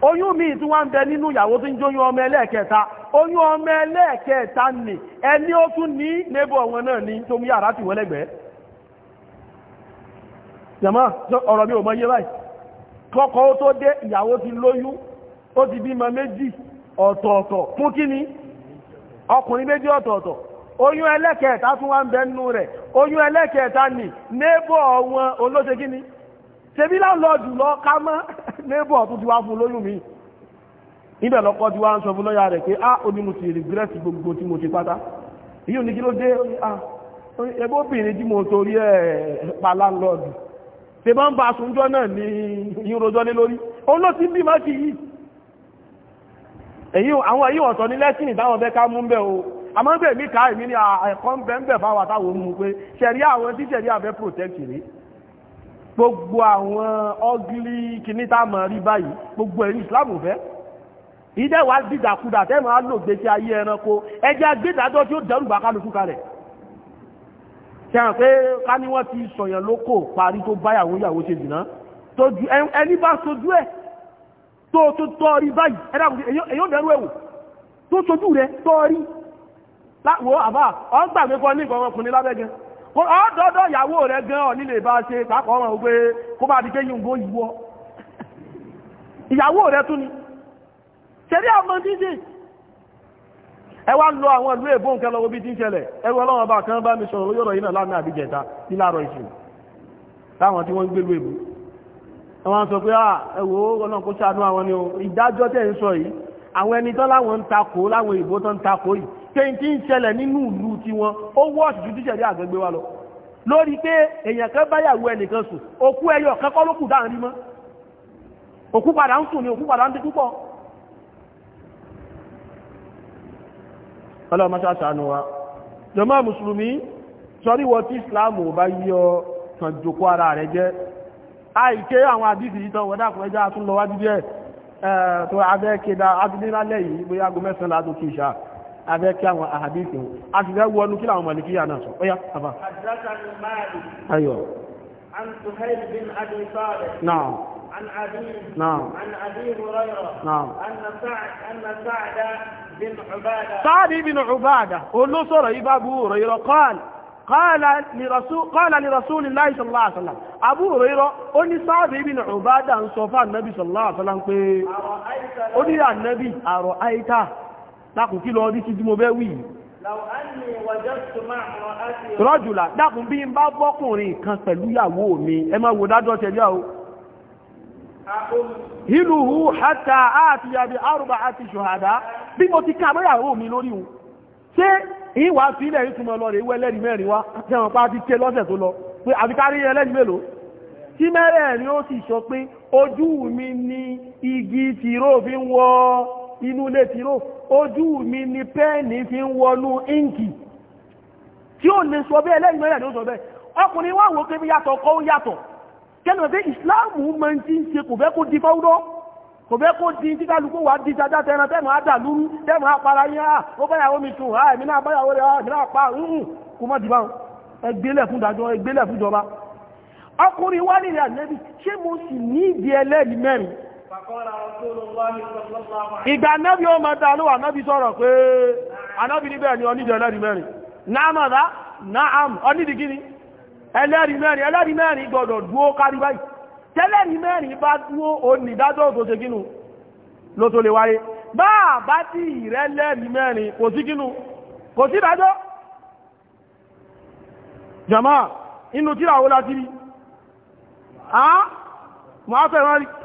oyún mi tí wọ́n ń bẹ nínú ìyàwó tí ń jóyún ọmọ ẹlẹ́ẹ̀kẹta oyún ọmọ ẹlẹ́ẹ̀kẹta nì ẹni ó tún ní nébọ̀ wọn náà ní tó mú yàrá tì ọ̀rọ̀ mi oyún ẹlẹ́kẹ̀ẹ́ta tún wá ń bẹ nínú rẹ̀ oyún ẹlẹ́kẹ̀ẹ́ta ni nébọ̀ wọn olóṣe kíni ṣebí láńlọ́ọ̀dù lọ ká mọ́ nébọ̀ tó ti wá fún lóyún mi ibẹ̀ lọ́kọ́ ti wá ń sọ fún lọ́yà rẹ̀ pé á ó ní mo ti rìgírẹ́sì gbogbo tí mo ti pátá yíò ní kí ló dé ah, ẹgbẹ́ obìnrin tí mo torí ẹ̀ pa láńlọ́ọ̀dù ṣe àwọn èyí ọ̀sọ̀ ní lẹ́sìn ìdáwọn bẹ́ mú bẹ́ o àmọ́gbẹ̀ mi ká èmi ní ẹ̀kọ́ ń bẹ́ ń bẹ̀ fáwà táwọn mú pé ṣẹ̀rí àwọn tí ṣẹ̀rí àfẹ́ protect rí gbogbo àwọn ọgílì kìníta mọ̀ rí báyìí gbogbo ẹ̀rí Islam fẹ́ ìdẹ́wà dìdàkudà tẹ́mọ̀ á lò gbèsè ayé ẹranko ẹjẹ́ gbẹ́dàjọ́ tí ó dẹrù bá kálukú kalẹ̀ ṣẹ́yàn pé ká ní wọ́n ti sọ̀yàn lóko parí tó báyàwó yàwó ṣe dìná ẹni bá sojú ẹ̀ tó tó tọ́ rí báyìí ẹ̀dàkùn èyí ò dẹrù ẹ̀wò tó sojú rẹ̀ tọ́ rí láwo àbá ọ́n gbà pé kọ́ ní nǹkan ọkùnrin lábẹ́gẹ́ ọ́dọ́dọ́ ìyàwó rẹ̀ gan ọ̀ nílé bá ṣe pàápọ̀ ọmọ ògbé kó bá di pé yìnbó ìwọ ìyàwó rẹ̀ tún ni ṣeré ọmọ díje ẹ wá lọ àwọn ìlú èbó nǹkan lọ́wọ́ bí ti ń ṣẹlẹ̀ ẹrù ọlọ́wọ́n bá kan bá mi sọ̀rọ̀ yọ̀rọ̀ iná lánàá àbíjẹta níláàrọ̀ ìṣù láwọn tí wọ́n ń gbélú èbó wọ́n sọ pé ẹwọ́ ọlọ́run kó ṣàánú àwọn ni ìdájọ́ tẹ́ ń sọ yìí àwọn ẹni tán láwọn ń takò láwọn ìbò tán ń takò yìí tẹ́ntì ń ṣẹlẹ̀ nínú ìlú tiwọn ó wọ́ọ̀sì ju tíṣẹ̀rí àgbẹ̀gbẹ̀ wa lọ lórí pé èèyàn kan báyàwó ẹnìkan sùn òkú ẹyọ kẹ́kọ́ ló kù dáhùn rí mọ́ òkú padà ń sùn ní òkú padà ń dín púpọ̀ ọlọ́mọṣá ṣàánú wa jọmọ́ mùsùlùmí sọrí wọ tí Islam ò bá yí ọ kàn jòkó ara rẹ jẹ́ àìké àwọn àdìsí yìí tán wọ́dá kùnrin já tún lọ wájú díẹ̀ tó abẹ́ kí àwọn àhàdìsì wọn a ti fẹ́ wọnú kí làwọn malikiya náà sọ ọyá àbá ayọ̀ náà عن أبي نعم عن أبي هريرة نعم أن سعد أن سعد بن عبادة سعد بن عبادة قل له صلى أبو هريرة قال قال لرسول قال لرسول الله صلى الله عليه وسلم ابو هريره اني صعب ابن عباده ان صفى النبي صلى الله عليه وسلم قال اني النبي ارايت dákùn kí lọ rí sí tí mo fẹ́ wí rọ́jùlá dákùn bí n bá bọ́kùnrin kan pẹ̀lú ìyàwó mi ẹ máa wo dájọ́ tẹ̀lé o ìlúhu hátà àti yàbí àrùbà àti ṣòhàdá bí mo ti ká àmọ́yàwó mi lórí un ṣé ìwà sílẹ̀ ìtumọ̀ lọ rẹ̀ ìwẹ́ lẹ́rìí mẹ́rin wá tẹ́wọ̀n pa ti ké lọ́sẹ̀ tó lọ pé àfikárí ẹlẹ́rìí mélòó tí mẹ́rẹ̀ẹ̀rin ó sì sọ pé ojú mi ni igi tìró fi ń wọ inú ilé tìró ojú mi ni pẹ́ẹ̀nì fi ń wọnú íǹkì tí ó lè sọ bẹ́ẹ̀ lẹ́yìn mẹ́rẹ̀ ló sọ bẹ́ẹ̀ ọkùnrin wọ́n wò pé yàtọ̀ kọ́ ó yàtọ̀ kẹ́nà pé ìsìláàmù máa ń ti ń ṣe kò fẹ́ kó di fọ́wúrọ́ kò fẹ́ kó di títàlùkù wà di jajá tẹran tẹ́mọ̀ á dà lúrú tẹ́mọ̀ á para yín á ó báyàwó mi sùn àà ah, èmi náà báyàwó rẹ̀ àà ah, èmi náà pa rúrùn kò mọ́ dìbọn ẹgbẹ́lẹ̀ fún dájọ́ ẹgbẹ́lẹ̀ ìgbà anábì ó máa dá ló anábì sọ̀rọ̀ pé anábì níbẹ̀ ni onídìí ẹlẹ́rìí mẹ́rin náàmàdá náàm onídìí kíni ẹlẹ́rìí mẹ́rin ẹlẹ́rìí mẹ́rin gbọ́dọ̀ dúó kárí báyìí tẹ́lẹ́rìí mẹ́rin bá dúó tó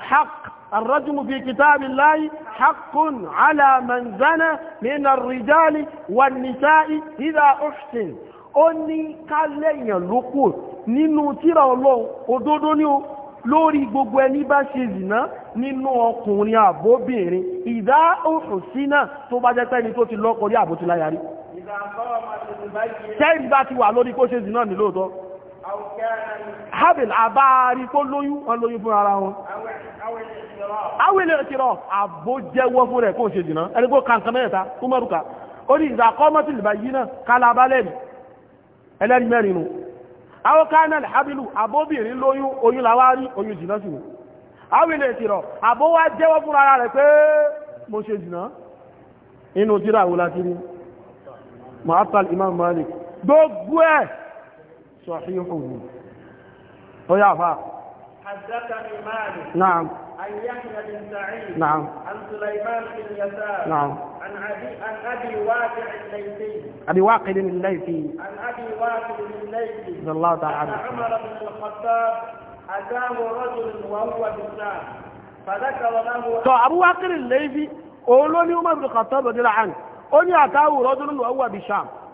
حق الرجم في كتاب الله حق على من زنى من الرجال والنساء إذا أحسن ó ní ká lẹ́yìn ló kù nínú tírà ọlọ́run òdodo ní o lórí gbogbo ẹni bá ṣe zìná nínú ọkùnrin àbóbìnrin ìdá òhùn sínà tó bá jẹ́ pẹ́ni tó ti lọ́kọ̀ọ́rí àbótiláyàrí tẹ́yìn bá ti wà lórí kó ṣe zìná nílòótọ́ habil àbáàrí tó lóyún wọn lóyún fún ara wọn awele ìkìrọ̀ àbójẹ́wọ́ fún rẹ̀ kó ṣe dìná ẹni kó kàǹkan mẹ́ta tó mẹ́rùka ó ní ìzàkọ́mọ́tì lè bá yí náà kálábálẹ̀ ẹlẹ́rìí mẹ́rin nù awọ́kánà habilu abóbìnrin lóyún oyún làwárí oyún jìnà sí awele ìkìrọ̀ àbówá jẹ́wọ́ fún ara rẹ̀ pé mo ṣe dìná inú tíra àwòlá kiri ma'atal imam malik gbogbo ẹ̀ صحيح ويا طيب، فا حدثني مالك نعم عن يحيى بن سعيد نعم عن سليمان بن يسار نعم عن ابي عن ابي واقع الليثي ابي واقع الليثي عن ابي واقع الليثي رضي الله تعالى عنه عمر بن الخطاب اتاه رجل وهو بالنار فذكر له تو ابو واقع الليثي قولوا لي عمر بن الخطاب رضي الله عنه قل اتاه رجل وهو بشام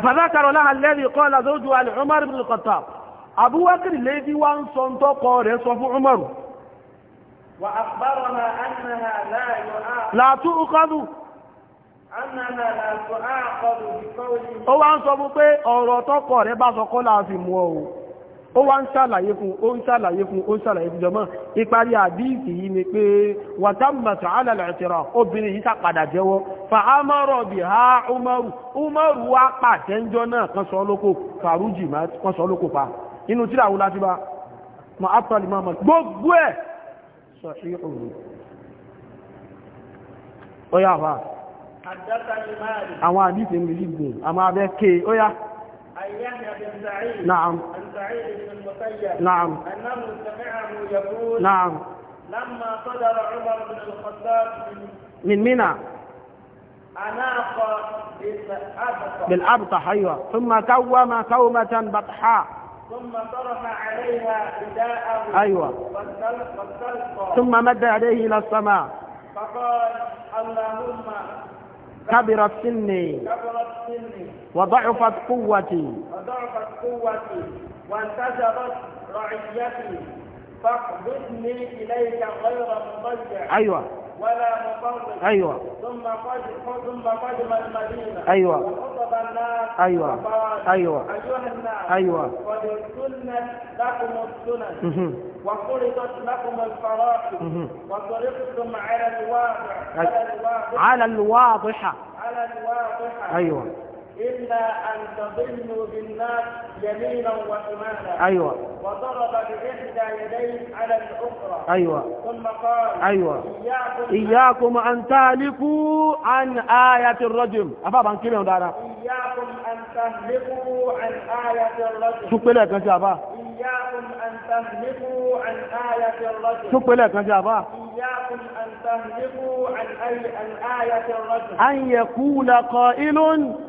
فذكر لها الذي قال زوجها لعمر بن الخطاب أبو بكر الذي وان صنطق رصف عمر وأخبرنا أنها لا يؤاخذ لا تؤخذ أنها لا تؤاخذ بقوله هو أن صنطق أو رتق ربا سقلا في موه ó wá ń ṣàlàyé fún ó ń ṣàlàyé fún ó ń ṣàlàyé fún jọmọ́ ìparí àdíìsì yìí ni pé wàtàmàtà alàlẹ̀tìrà obìnrin yìí sàpadà jẹ́wọ́ fàámọ́rọ̀ bí ha umaru umaru wá pàtẹ́njọ́ náà kan sọ lóko fàrújì kan sọ lóko pa inú tíra àwọn láti bá ma aptali ma ma gbogbo ẹ̀ sọ عن يحيى بن سعيد نعم عن سعيد بن المسيب نعم أنه سمعه يقول نعم لما صدر عمر بن الخطاب من منى أناق بالأبطح أيوه ثم كوم كومة بطحاء ثم طرح عليها رداءه أيوه ثم مد يديه إلى السماء فقال اللهم كبرت سني وضعفت قوتي وضعفت قوتي وانتشرت رعيتي فاقبضني إليك غير مضيع أيوة ولا مفرد أيوة ثم قدم ثم قدم المدينة أيوة وخطب الناس أيوة وقال أيوة أيها الناس أيوة قد سنت لكم السنن وفرضت لكم الفرائض وطرقتم على الواضح على الواضحة على الواضحة على الواضحة أيوة إلا أن تضلوا بالناس يمينا وشمالا أيوة وضرب بإحدى يديه على الأخرى أيوة ثم قال أيوة إياكم, إياكم أن تهلكوا عن آية الرجم أبابا كلمة دارا إياكم أن تهلكوا عن آية الرجم شو لك أنت أبا إياكم أن تهلكوا عن آية الرجم شو لك أنت أبا إياكم أن تهلكوا عن, أي... عن آية الرجم أن يقول قائل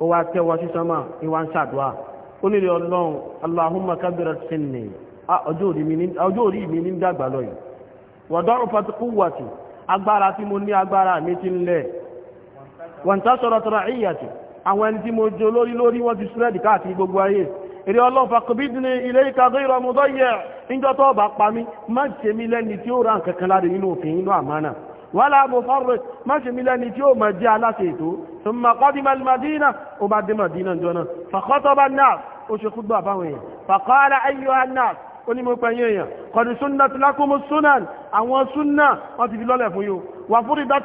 ó wá tẹ́wọ́ sí sánmà ìwà ń ṣàdúrà ó nílé ọlọ́run aláhùnmá kábírà sínú ọjọ́ orí mi ní dàgbà lọ yìí wọ̀dọ́ òfàtíkú wàtí agbára tí mo ní agbára mi ti ń lẹ̀ wọ́n tá sọ̀rọ̀ tọrọ ìyàtì àwọn ẹni tí mo jẹ olórí lórí wọ́n ti súrẹ́dì káàkiri gbogbo ayé èrè ọlọ́run fàkọbídìní ilé ìkàgbé ìrọ̀mùdọ́ yẹ níjọ́ tó bá pa mí má ṣe mí lẹ́ni tí ó ra nǹkan kan láre nínú òfin inú àmánà wala mufarriq máṣe mi lẹ́ni tí ó mọ̀ jẹ́ aláṣẹ ètò thumma qadima al-madina ó bá dé madina jọna fa khataba an-nas ó ṣe kúgbà báwọn èèyàn fa qala ayyuha an-nas ó ní mo pẹ̀yìn èèyàn qad sunnat lakumu sunan àwọn súnnà wọ́n ti fi lọ́lẹ̀ fún yóò wà furidat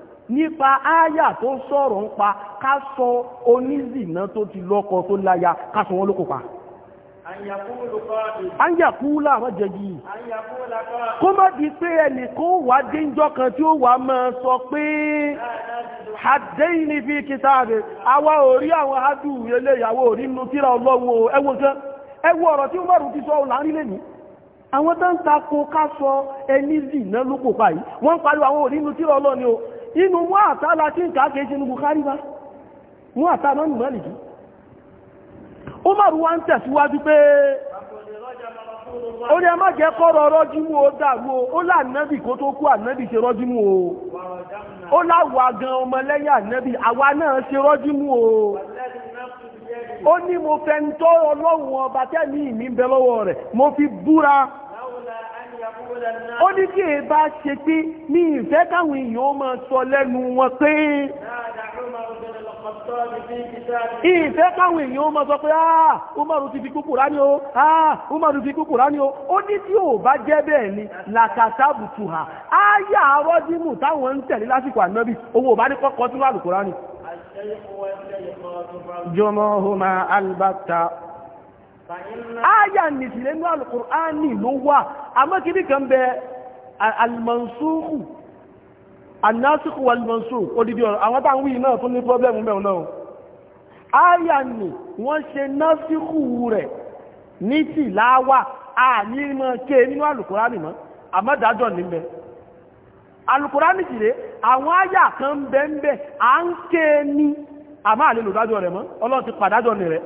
nípa ááyà tó sọ̀rọ̀ ń pa ká sọ onízìnà tó ti lọ́kọ tó láya ká sọ wọ́n lókò pa anyakula àwọn jẹji kó má di pé kó wà kan tí ó wà sọ pé àdéyìn ní fi kìtà rẹ̀ àwa ò rí àwọn adù eléyàwó rí nínú tíra ọlọ́wọ́ ẹwọ́ gan ẹwọ́ ọ̀rọ̀ tí ó ti sọ láàrin lẹ́nu àwọn tó ń ká sọ ẹni zì náà lókò wọ́n pariwo o inú wọ́n àtà láti ń kàákẹ́ ṣe ní Bukhari bá wọ́n àtà náà Umaru wá ń tẹ̀síwájú pé ó ní ẹ má jẹ́ kọ́rọ̀ rọ́júmú ó dàrú ó lànàbì kó tó kú ànàbì ṣe rọ́júmú o ó láwà gan ọmọ lẹ́yìn ànàbì àwa náà ṣe ó ní tí èyí bá ṣe pé ní ìfẹ́ káwọn èèyàn ó máa sọ lẹ́nu wọn pé ìfẹ́ káwọn èèyàn ó sọ pé ah umaru ti fi kúkú rání o ah umaru fi kúkú rání o ó ní tí ò bá jẹ́ bẹ́ẹ̀ ni làkàtà bùtùhà áyà arọ́dímù táwọn ń tẹ̀lé lásìkò ànábì owó bá ní kọ́kọ́ tí wà lùkùránì. jọmọ́ homa albata áyà nìsìlẹ̀ ní alùkùránì ló wà amákìrí kan bẹ alìmọ̀nsúkù anásùkù alìmọ̀nsúkù odidi ọ̀rọ̀ àwọn táwọn wíì náà tún ní pọ́blẹ̀mù mẹ́rin náà áyà nì wọ́n ṣe násìkù rẹ̀ ní tì láwà àní mọ́ ké nínú alùkùránì mọ́ àmọ́dájọ́ níbẹ̀ alùkùránì jìlé àwọn áyà kan bẹ́ẹ̀ bẹ́ẹ̀ à ń ké ní àmọ́ àlelòdájọ́ rẹ̀ mọ́ ọlọ́run ti pàdájọ́ ni rẹ̀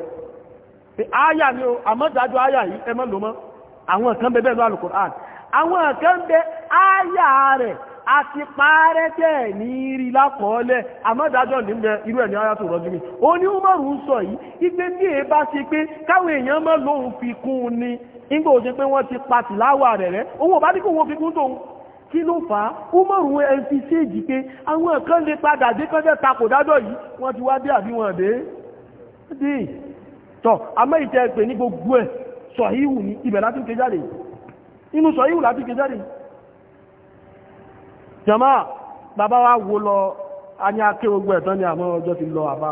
pé ni o àmọ́dájú áyà yìí ẹ mọ́ lò mọ́ àwọn kan bẹ bẹ́ẹ̀ lọ Al-Qur'an àwọn kan bẹ áyà rẹ̀ àti parẹ́ tẹ̀ ní rí lákọọ́lẹ̀ àmọ́dájọ́ ní bẹ irú ẹ̀ ní ara tó rọ́jú mi ó ní Umaru ń sọ yìí ipé bí è bá ṣe pé káwọn èèyàn mọ́ lóhun fi kún un ni nígbà ó ṣe pé wọ́n ti pa tìláwà rẹ̀ rẹ̀ owó bá dínkù wọ́n fi kún tóun kí ló fà á Umaru ẹ fi séèjì pé àwọn kan lè padà dé kọ́jẹ́ takò dájọ́ yìí wọ́n ti wá dé àbí wọn dé tọ́ àmọ́ ìtẹ́ pè ní gbogbo ẹ̀ sọ̀híhù ní ibẹ̀ láti ké jáde inú sọ̀híhù láti ké jáde jama bàbá wa wo lọ a ní aké gbogbo ẹ̀tọ́ ni àmọ́ ọjọ́ ti lọ àbá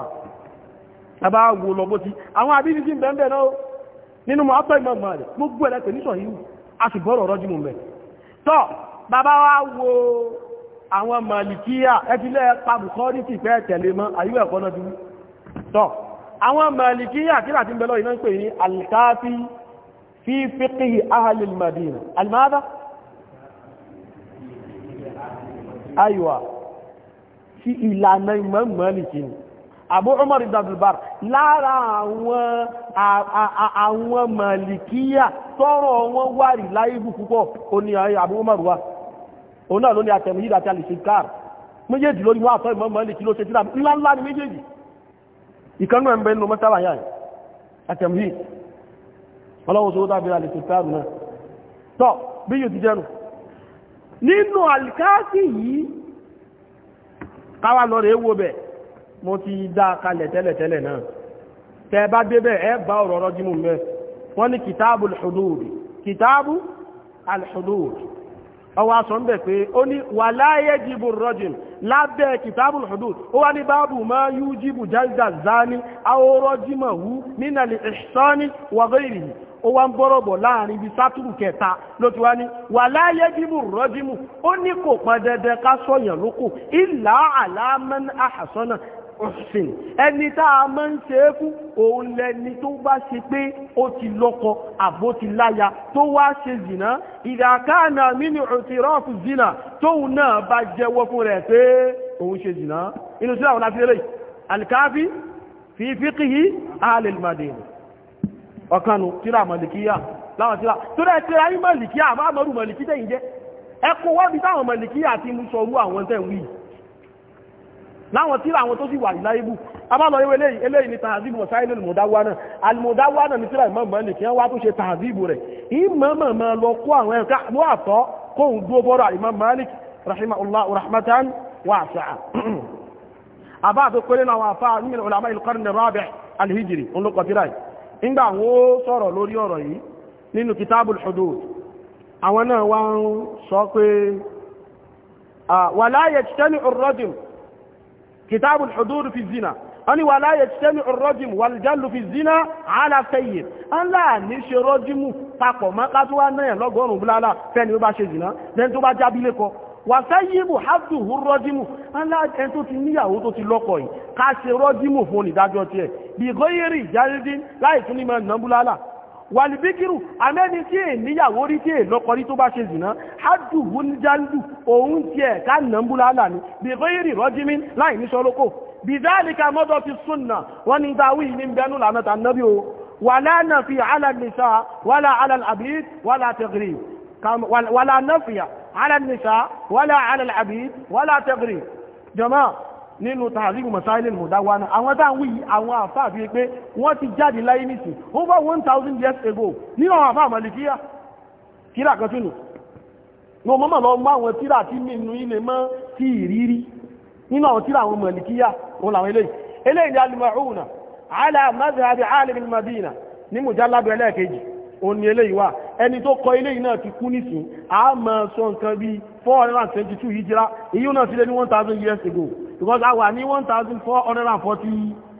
bàbá wo lọ bó ti àwọn àbí fífí bẹ̀ẹ̀bẹ̀ náà nínú mọ́ ọ́pẹ́ ìmọ̀gbọ̀n rẹ̀ gbogbo ní wa wo àwọn màlìkíyà ẹ̀fílẹ̀ pàbùkọ́rí ti fẹ́ tẹ̀lé mọ́ àyíwẹ̀ ẹ̀kọ́ náà ti tọ́ àwọn màlìkíyà tí láti bẹ̀lọ iná ń pè ní alkafi fi fíkí ahalil madina almada aywa fi ìlànà imam màlìkí ni abu umar ibdabbar lára àwọn màlìkíyà tọ́rọ wọn wárí láìbù púpọ̀ o ní abu umar wa o náà ló ní àtẹ̀mù yìí àti alìsìkár méjèèjì lórí wọ́n àtọ́ imam màlìkí ló ṣe tí ìkanú ẹ̀ ń bẹ nínú mọ́sálà yáà àtẹ̀mí ọlọ́wọ́ sọ dábí alẹ́ tẹ̀tàrù náà tọ́ bí yóò ti jẹ́nu nínú alìkáàsì yìí káwà lọ rẹ̀ wó bẹ̀ mo ti dá kalẹ̀ tẹ́lẹ̀tẹ́lẹ̀ náà tẹ́ bá débẹ̀ ẹ bá ọ̀rọ̀ ọ̀rọ̀ jímú mẹ́ wọ́n ní kìtàbù al ọwọ́ aṣọ ń bẹ̀ pé ó ní wà láyé jìbù rọ́jìm lábẹ́ kìtàbù hudud ó wá ní báàbù máa yú jìbù jáìzà záni àwòrọ́ jìmọ̀ wú nínà lè ṣọ́ni wàgẹ́rì ó wá ń bọ́rọ̀bọ̀ láàrin ibi sátúrù kẹta ló ti wá ní wà láyé jìbù rọ́jìmù ó ní kò pọn ká sọ̀yàn lókò ìlà àlámẹ́ni àhàsọ́nà ọ̀sìn ẹni tá a máa ń ṣe é fún òun lẹni tó bá ṣe pé ó ti lọ́kọ àbó ti láya tó wá ṣe zìnà ìdàkánà mínú òtìrọ́ọ̀fù zìnà tóun náà bá jẹ́wọ́ fún rẹ̀ pé òun ṣe zìnà inú sí àwọn afẹ́rẹ́ alkafi fi fíkìhí alìlmàdìn ọ̀kanu tíra màlìkíyà láwọn tíra tó rẹ̀ tíra yí màlìkíyà àmọ́ àmọ́rù màlìkí tẹ́yìn jẹ́ ẹkùn wọ́n bí táwọn màlìkíyà láwọn tíra àwọn tó sì wà láìbù abálọ́yẹ́wé eléyìí ni tààzíbù mọ̀sáìlì mọ̀dáwánà alìmọ̀dáwánà ní tíra ìmọ̀mọ̀ ní kí wá tó ṣe tààzíbù rẹ̀ ìmọ̀mọ̀ lọ kó àwọn ẹ̀ka lóàtọ́ kóhùn dúó bọ́rọ̀ Imam Malik rahimahullahu rahmatan wasi'a àbá tó kéré náà wà fà min ulama al-qarn ar-rabi' al-hijri ń nínú kitabul hudud àwọn náà wá sọ pé ah, wala yajtami'u ar-rajul كتاب الحدود في الزنا أني ولا يجتمع الرجم والجل في الزنا على سيد أن لا نشي رجم تقو ما قطوا أنه لغون بلا لا فين يباشي زنا لن تبا جابي لكو wàsáyébù hádùhù rọ́dímù aláàjẹ́ tó ti níyàwó tó ti lọ́kọ yìí ká ṣe rọ́dímù fún ìdájọ́ tiẹ̀ bí gọ́yẹ̀rì ìjárídín láì wàlìbíkírù amẹ́ni tí è níyàwó rí tí è lọ́kọrí tó bá ṣe zìnà hajjú wúnjálù òun ti ẹ̀ ká nàmbúlálà ní bí rírì rọ́jímín láì ní sọ́lọ́kò bí dáàlìkà mọ́dọ̀ fi súnnà wọ́n ni dáwí ní bẹnu lànà nínú tààríkù masáìlìn mọ̀dáwá náà àwọn tá ń wí àwọn àfáà fi pé wọ́n ti jáde láyé nìsín over one thousand years ago nínú àwọn àfáà màlìkíyà kíra kan túnú mo mọ́mọ́ lọ mú àwọn tíra tí mi ilé mọ́ sí ìrírí nínú àwọn tíra àwọn màlìkíyà òun làwọn eléyìí eléyìí ni alimahuna ala mazhabi alim madina ní mujalladu ẹlẹ́ẹ̀kejì òun ni eléyìí wà ẹni tó kọ eléyìí náà ti kú nísìn a máa sọ nǹkan bíi 422 hijira èyí náà ti ní 1000 years ago because a wà ní one thousand four hundred and forty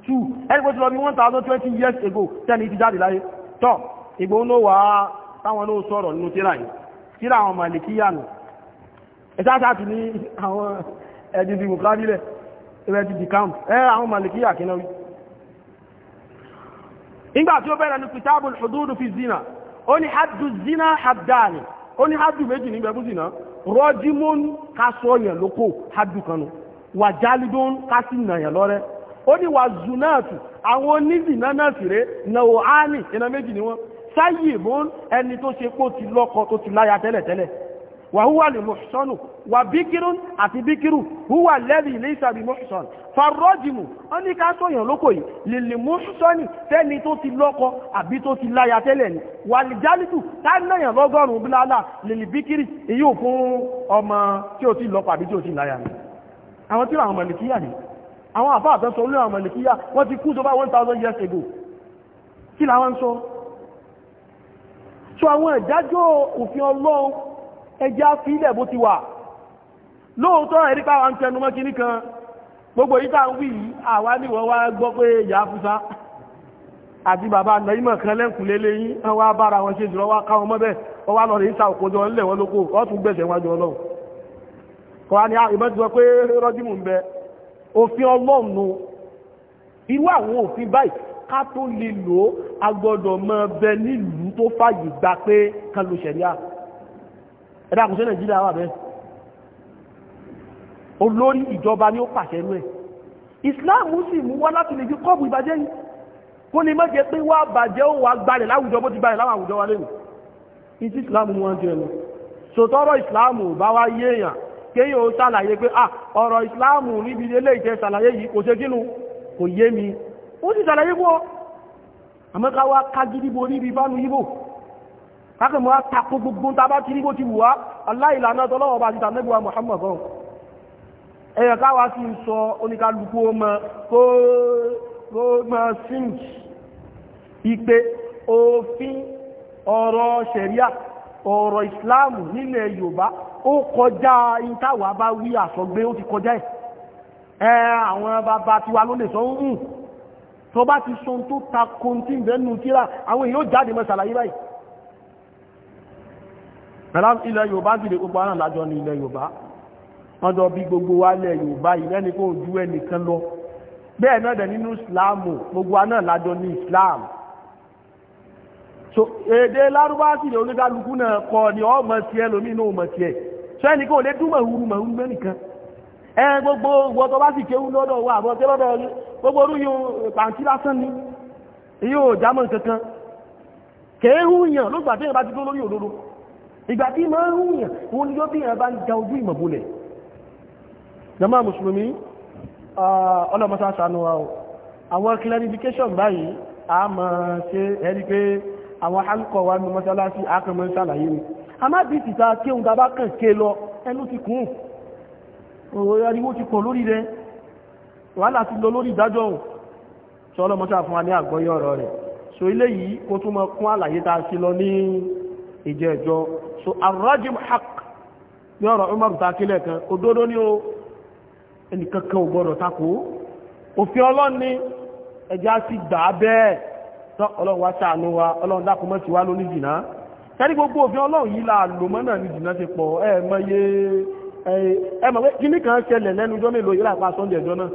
two ẹni pé ti lọ ní one thousand twenty years ago tẹ́ni ti jáde láyé tọ́ Ìgbòho ló wà táwọn ló sọ̀rọ̀ nínú tíra yìí tíra àwọn màlìkíyà nù ẹ̀sáṣá ti ní àwọn ẹ̀dì ìdìbò kárílẹ̀ ẹ̀rẹ́dì dìkàm ẹ̀ àwọn màlìkíyà kìnnà wí nígbà tí ó bẹ̀rẹ̀ ní kitabul hududu fi zina ó ní haddu zina haddani ó ní haddu méjì nígbẹ̀kú zina rọ́jímọ́n kásọ̀ọ̀yàn lókò haddu kanu wà jálídún kásì nàyàn lọ́rẹ́ ó ní wà zunáàtù àwọn onízì náà sì rẹ̀ náà áàní iná méjì ni wọ́n sáyì mún ẹni tó ṣe pó ti lọ́kọ tó ti láya tẹ́lẹ̀tẹ́lẹ̀ wà húwà lè mọ̀ṣọ́nù wà bíkírún àti bíkírù húwà lẹ́bí ilé ìsàbí mọ̀ṣọ́nù farọ́jìmù ó ní ká sọ̀yàn lókò yìí lèlè mọ̀ṣọ́nì tẹ́ni tó ti lọ́kọ àbí tó ti láya tẹ́lẹ̀ ni wà lè jálítù tánáyàn lọ́gọ́rùn-ún bílálà lèlè bíkírì èyí ò fún ọmọ tí ó ti lọ́kọ àbí tí ó ti láya ni àwọn tíra àwọn màlìkíyà ni àwọn àfá àtọ́sọ olú àwọn màlìkíyà wọ́n ti kú tó bá 1000 years ago kí làwọn ń sọ so àwọn ìdájọ́ òfin ọlọ́run ẹja fílẹ̀ bó ti wà lóòótọ́ ẹ̀rí pàwọn ń tẹnumọ́ kí nìkan gbogbo ìta ń wí àwa níwọ̀ wá gbọ́ pé ìyá fúsá àti bàbá nàímọ̀ kan lẹ́kùnlé léyìn wọ́n wá bára wọn ṣe jùlọ wá káwọn mọ́bẹ̀ wọ́n wá lọ rí ìta òkòjọ ńlẹ̀ wọn lóko wọ́n tún gbẹ̀sẹ̀ wájú ọlọ́run kọ́ra ni ìbọn ti sọ pé rọ́jímù ń bẹ òfin ọlọ́ọ̀nù irú àwọn òfin báyìí ká tó lè lò ó a gbọ́dọ̀ mọ bẹ nílùú tó fàyè gbà pé kan ló ṣẹ̀ríà ẹ̀dá kò sí nàìjíríà wà bẹ́ẹ̀ olórí ìjọba ni ó pàṣẹ nú ẹ̀ islam sì mú wá láti lè fi kọ́ọ̀bù ìbàjẹ́ yìí kó ní má pé wá bàjẹ́ ó wà gbalẹ̀ láwùjọ bó ti gbalẹ̀ láwọn àwùjọ wa lẹ́nu islam mú wọn jẹ́ lọ sòtọ́rọ̀ islam ò bá wá yéèyàn kéyìn ó ṣàlàyé pé ah ọ̀rọ̀ ìsìláàmù níbi ilé ìjẹ́ ṣàlàyé yìí kò ṣe kínú kò yé mi ó sì ṣàlàyé fún ọ àmọ́káwá kágídíbo níbi ìbánu yíbò kákẹ̀mọ́ tako gbogbo tàbá ti níbo ti wùwá aláìlànà tọ́lọ́wọ́ bá ti tàbí Muhammad gan ẹ̀yẹ̀ káwá sí sọ oníkálukú ọmọ kó mọ́ sink ipe ọ̀rọ̀ ìsìláàmù nílẹ̀ Yorùbá ó kọjá ìtawà bá wí àsọgbé ó ti kọjá ẹ̀ àwọn bàbá tiwa ló lè sọ ń hùn tó bá ti sọ tó ta kóntí ìbẹ́nu tíra àwọn èèyàn jáde mọ́sàlàyé báyìí ilẹ̀ Yorùbá sì lè gbogbo ara lájọ ní ilẹ̀ Yorùbá wọ́n jọ bí so èdè Lárúbá sì lè oníkálukú náà kọ ni ọmọ tiẹ̀ lómi náà mọ̀ tiẹ̀ so ẹni kò lè dún màhúrú màhúrú mẹ́ nìkan ẹ gbogbo wọ́n tó bá sì kéwú lọ́dọ̀ wà àbọ̀ tẹ́ lọ́dọ̀ gbogbo orú yóò pàǹtí lásán ni yóò jámọ́ kankan kẹ́ẹ̀hú yàn ló gbà tẹ́yàn bá ti tó lórí òdodo ìgbà tí máa ń húyàn wọn ni yóò bí yàn bá ń ja ojú ìmọ̀bólẹ̀ jama mùsùlùmí ọlọ́mọsáṣánú àwọn clarification báyìí a máa ṣe ẹni pé àwọn alukọ̀ wa ní mọ́sálásí akọ̀mọ́ ìsàlàyé ni a má bí tìta kí òun dábá kàn ké lọ ẹnu ti kún òyàríwó ti pọ̀ lórí rẹ̀ wàhálà ti lọ lórí ìdájọ́ òun sọ́lọ́mọ́sá fún wa ní àgbọ́yé ọ̀rọ̀ rẹ̀ so ilé yìí kó tún mọ́ kún àlàyé ta sí lọ gbà bẹ́ẹ̀ tán ọlọ́run wá ṣàánú wa ọlọ́run dákun mọ́ sí wá lóní jìnnà kẹ́rí gbogbo òfin ọlọ́run yìí la lò mọ́ náà ní jìnnà ti pọ̀ ẹ mọ iye ẹ mọ̀ pé kíní kan ṣẹlẹ̀ lẹ́nu jọ́ mélòó yìí lápá sunday ẹjọ́ náà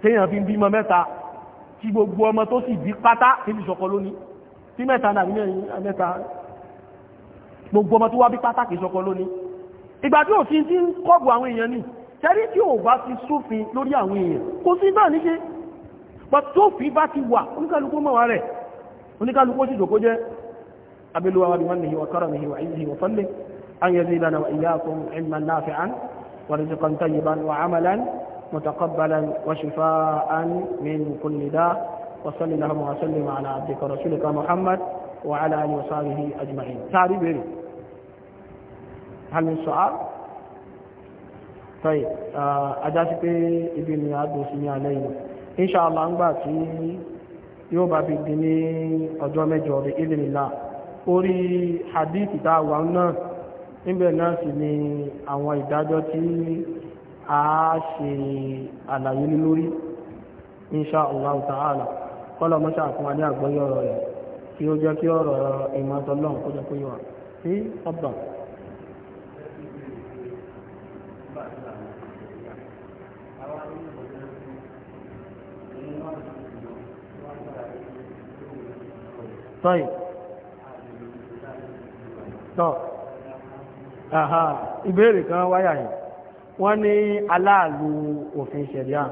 téèyàn fi ń bímọ mẹ́ta tí gbogbo ọmọ tó sì bí pátá níbi ìṣọ̀kọ lónìí tí mẹ́ta náà mẹ́ta gbogbo ọmọ tó wá bí pátá kìí pa tó fi bá ti wà oníkàlùkù mọ̀wà rẹ̀ oníkàlùkù sì jòkó jẹ́ abẹ́lúwa wa bí wọ́n nìyí wa kọ́rọ̀ nìyí wa ìyí wa fọ́lẹ̀ an yẹ zai lana wa iyakun ilman nafi'an wa rizikan tayyiban wa amalan mutakabbalan wa shifa'an min kulli da wa salli lahum wa salli ma ala abdika rasulika muhammad wa ala ali wa sahbihi ajma'in tari bere hal min su'al tayyib a ah, jasi pe ibi ni a dosi ni alayhi inṣàlá ń gbà tí yóò bá fi di ní ọjọ́ mẹ́jọ rẹ̀ ìdìnnìlá orí hadithi tá a wà náà níbẹ̀ náà sì ni àwọn ìdájọ́ tí a ṣe àlàyé ní lórí inṣàlá ta'ala kọ́lọ̀ mọ́ṣà fún wa ní àgbọ́yé ọ̀rọ̀ rẹ̀ kí ó jẹ́ kí ọ̀rọ̀ ìmọ̀tọ́lọ́hùn kó طيب طب aha ìbéèrè kan wáyà yìí wọ́n ní aláàlú òfin ṣẹ̀ríà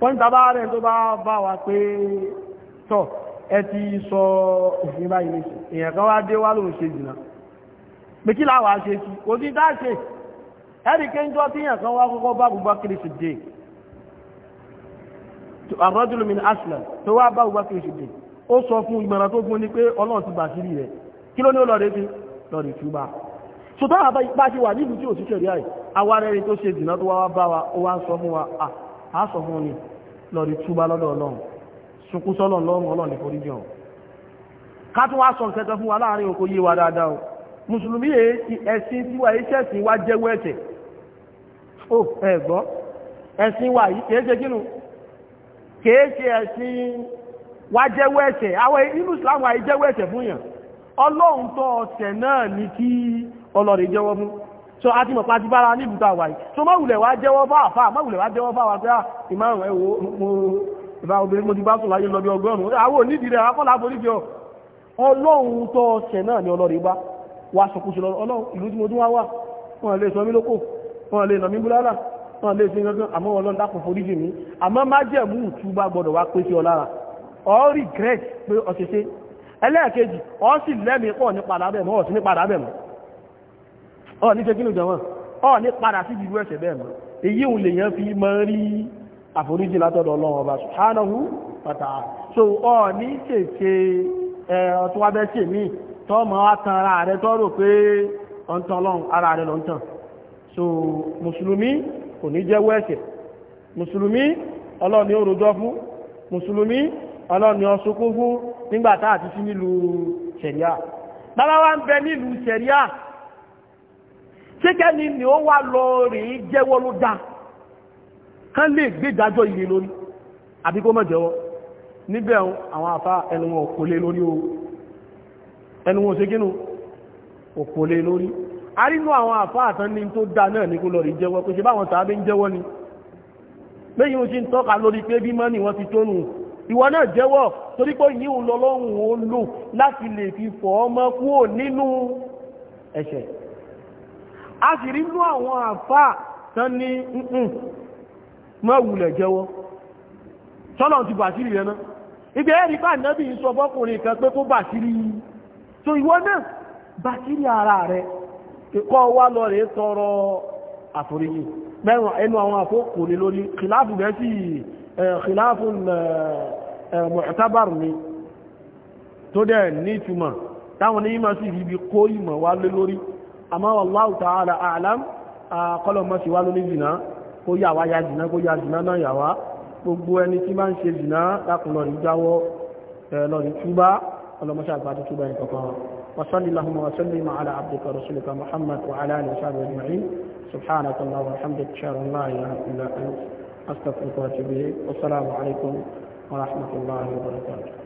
wọ́n tàbá rẹ̀ tó bá bá wa pé tọ́ ẹ ti sọ òfin báyìí lè ṣe èèyàn kan wá dé wá lóun ṣe jìnnà pé kí láwàá ṣe sí kò sí dá ṣe ẹ̀rì kéńjọ́ tí èèyàn kan wá kọ́kọ́ bá Abubakar Siddiq àrọ́jùlùmí Aslam tó wá bá Abubakar Siddiq ó sọ fún ìgbọ̀nà tó fún ní pé ọlọ́run ti bàtírí rẹ̀ kí ló ní ó lọ rẹ̀ sí lọ́rẹ̀ tí ó bá ṣùgbọ́n àbá ṣe wà nílùú tí ò sí ṣẹ̀rí àì awárẹ́rin tó ṣe dìnà tó wá bá wa ó wá sọ fún wa a sọ fún ni lọ́rẹ̀ tí lọ́dọ̀ ọlọ́run sunkún sọ́lọ̀ wa láàrin wa dáadáa o mùsùlùmí ẹ̀sìn wa jẹ́wọ́ ẹ̀tẹ̀ ó ẹ̀gbọ́ ẹ̀sìn wá jẹ́wọ́ ẹ̀ṣẹ̀ àwọn inú islam wà jẹ́wọ́ ẹ̀ṣẹ̀ fún yàn ọlọ́run tó ọ̀ṣẹ̀ náà ní kí ọlọ́rẹ̀ jẹ́wọ́ mú so a ti mọ̀ pàtí bára ní ìbúta wà yìí so máwùlẹ̀ wá jẹ́wọ́ bá àfà máwùlẹ̀ wá jẹ́wọ́ bá wà pé ìmáàrùn ẹ̀wọ̀ ìbá obìnrin mo ti bá sùn láyé lọ bí ọgọ́rùn-ún àwọn onídìí ni ọlọ́rẹ̀ bá wà sọkúnṣe ọlọ́run ìlú tí mo tún wá wà wọ́n lè sọ mí lókò wọ́n lè nà mí búlálà wọ́n lè fi gangan àmọ́ ọ́ regret pé ọ̀ṣẹ̀ṣe ẹlẹ́ẹ̀kejì ọ́ sì lẹ́mìí pọ̀ ní padà bẹ̀mọ́ ọ̀sí ní padà bẹ̀mọ́ ọ̀ ní ṣe kínú jọmọ́ ọ̀ ní padà sí ìlú ẹ̀ṣẹ̀ bẹ̀mọ́ èyí òun lè yẹn fi mọ́ rí àforíjì látọ̀dọ̀ Ọlọ́run ọba subhanahu wa ta'ala so ọ̀ ní ṣèṣe ọtún abẹ́ṣe mi tọ́mọ wa tan ara rẹ tọ́rọ pé ọ̀ntàn Ọlọ́run ara rẹ lọ ń tàn so mùsùlùmí kò ní jẹ́wọ́ ẹ̀ṣẹ̀ mùsùlùmí Ọlọ́run ni ó rojọ́ fún mùsùlùmí ọlọ́ni ọsọkún fún nígbàtá àti sí nílùú sẹ̀ríà bàbá wa ń bẹ nílùú sẹ̀ríà ṣíkẹ́ ni ni ó wà lọ rí jẹ́wọ́ ló dá kán lè gbé ìdájọ́ ilé lórí àbí kó má níbẹ̀ àwọn àfá ẹnu wọn lè lórí o ẹnu wọn ṣe kínú kò lè a rí inú àwọn àfá àtán ní tó dá náà ní kó lọ rí jẹ́wọ́ kò ṣe báwọn tàbí ń jẹ́wọ́ ni lẹ́yìn ó sì ń tọ́ka lórí pé bí mọ́ni wọ́n ti tónù ìwọ náà jẹ́wọ́ torí pé yíò lọ́lọ́run ó lò láti lè fi fọ́ ọmọ kúrò nínú ẹ̀ṣẹ̀ a sì rí inú àwọn àfà tán ní ǹkan mọ́wùlẹ̀ jẹ́wọ́ tọ́lọ̀ ti bàṣírí rẹ̀ ibi ẹ̀rí bá nẹ́bí ń sọ bọ́kùnrin kan pé kó bàṣírí so ìwọ náà bàṣírí ara rẹ̀ kọ́ wá lọ rẹ̀ tọrọ àforíyìn mẹ́rin ẹnu àwọn àfókò lórí kìláàfù bẹ́ẹ̀ sí eh, kìláàfù Eh, mọ̀tábàrù ni tó dẹ̀ ní ìtumọ̀ táwọn onímọ̀ sí ibi kó ìmọ̀ wá lé lórí àmọ́ wallahu ta'ala a'lam kọ́lọ̀mọ́ sí wá lórí zìnà kó yà wá ya zìnà kó ya zìnà náà yà wá gbogbo ẹni tí máa ń ṣe zìnà dákun lọ́rí jáwọ́ lọ́rí محمد وعلى اله وصحبه اجمعين سبحانك اللهم وبحمدك اشهد لا اله الا انت استغفرك واتوب والسلام عليكم ورحمة الله وبركاته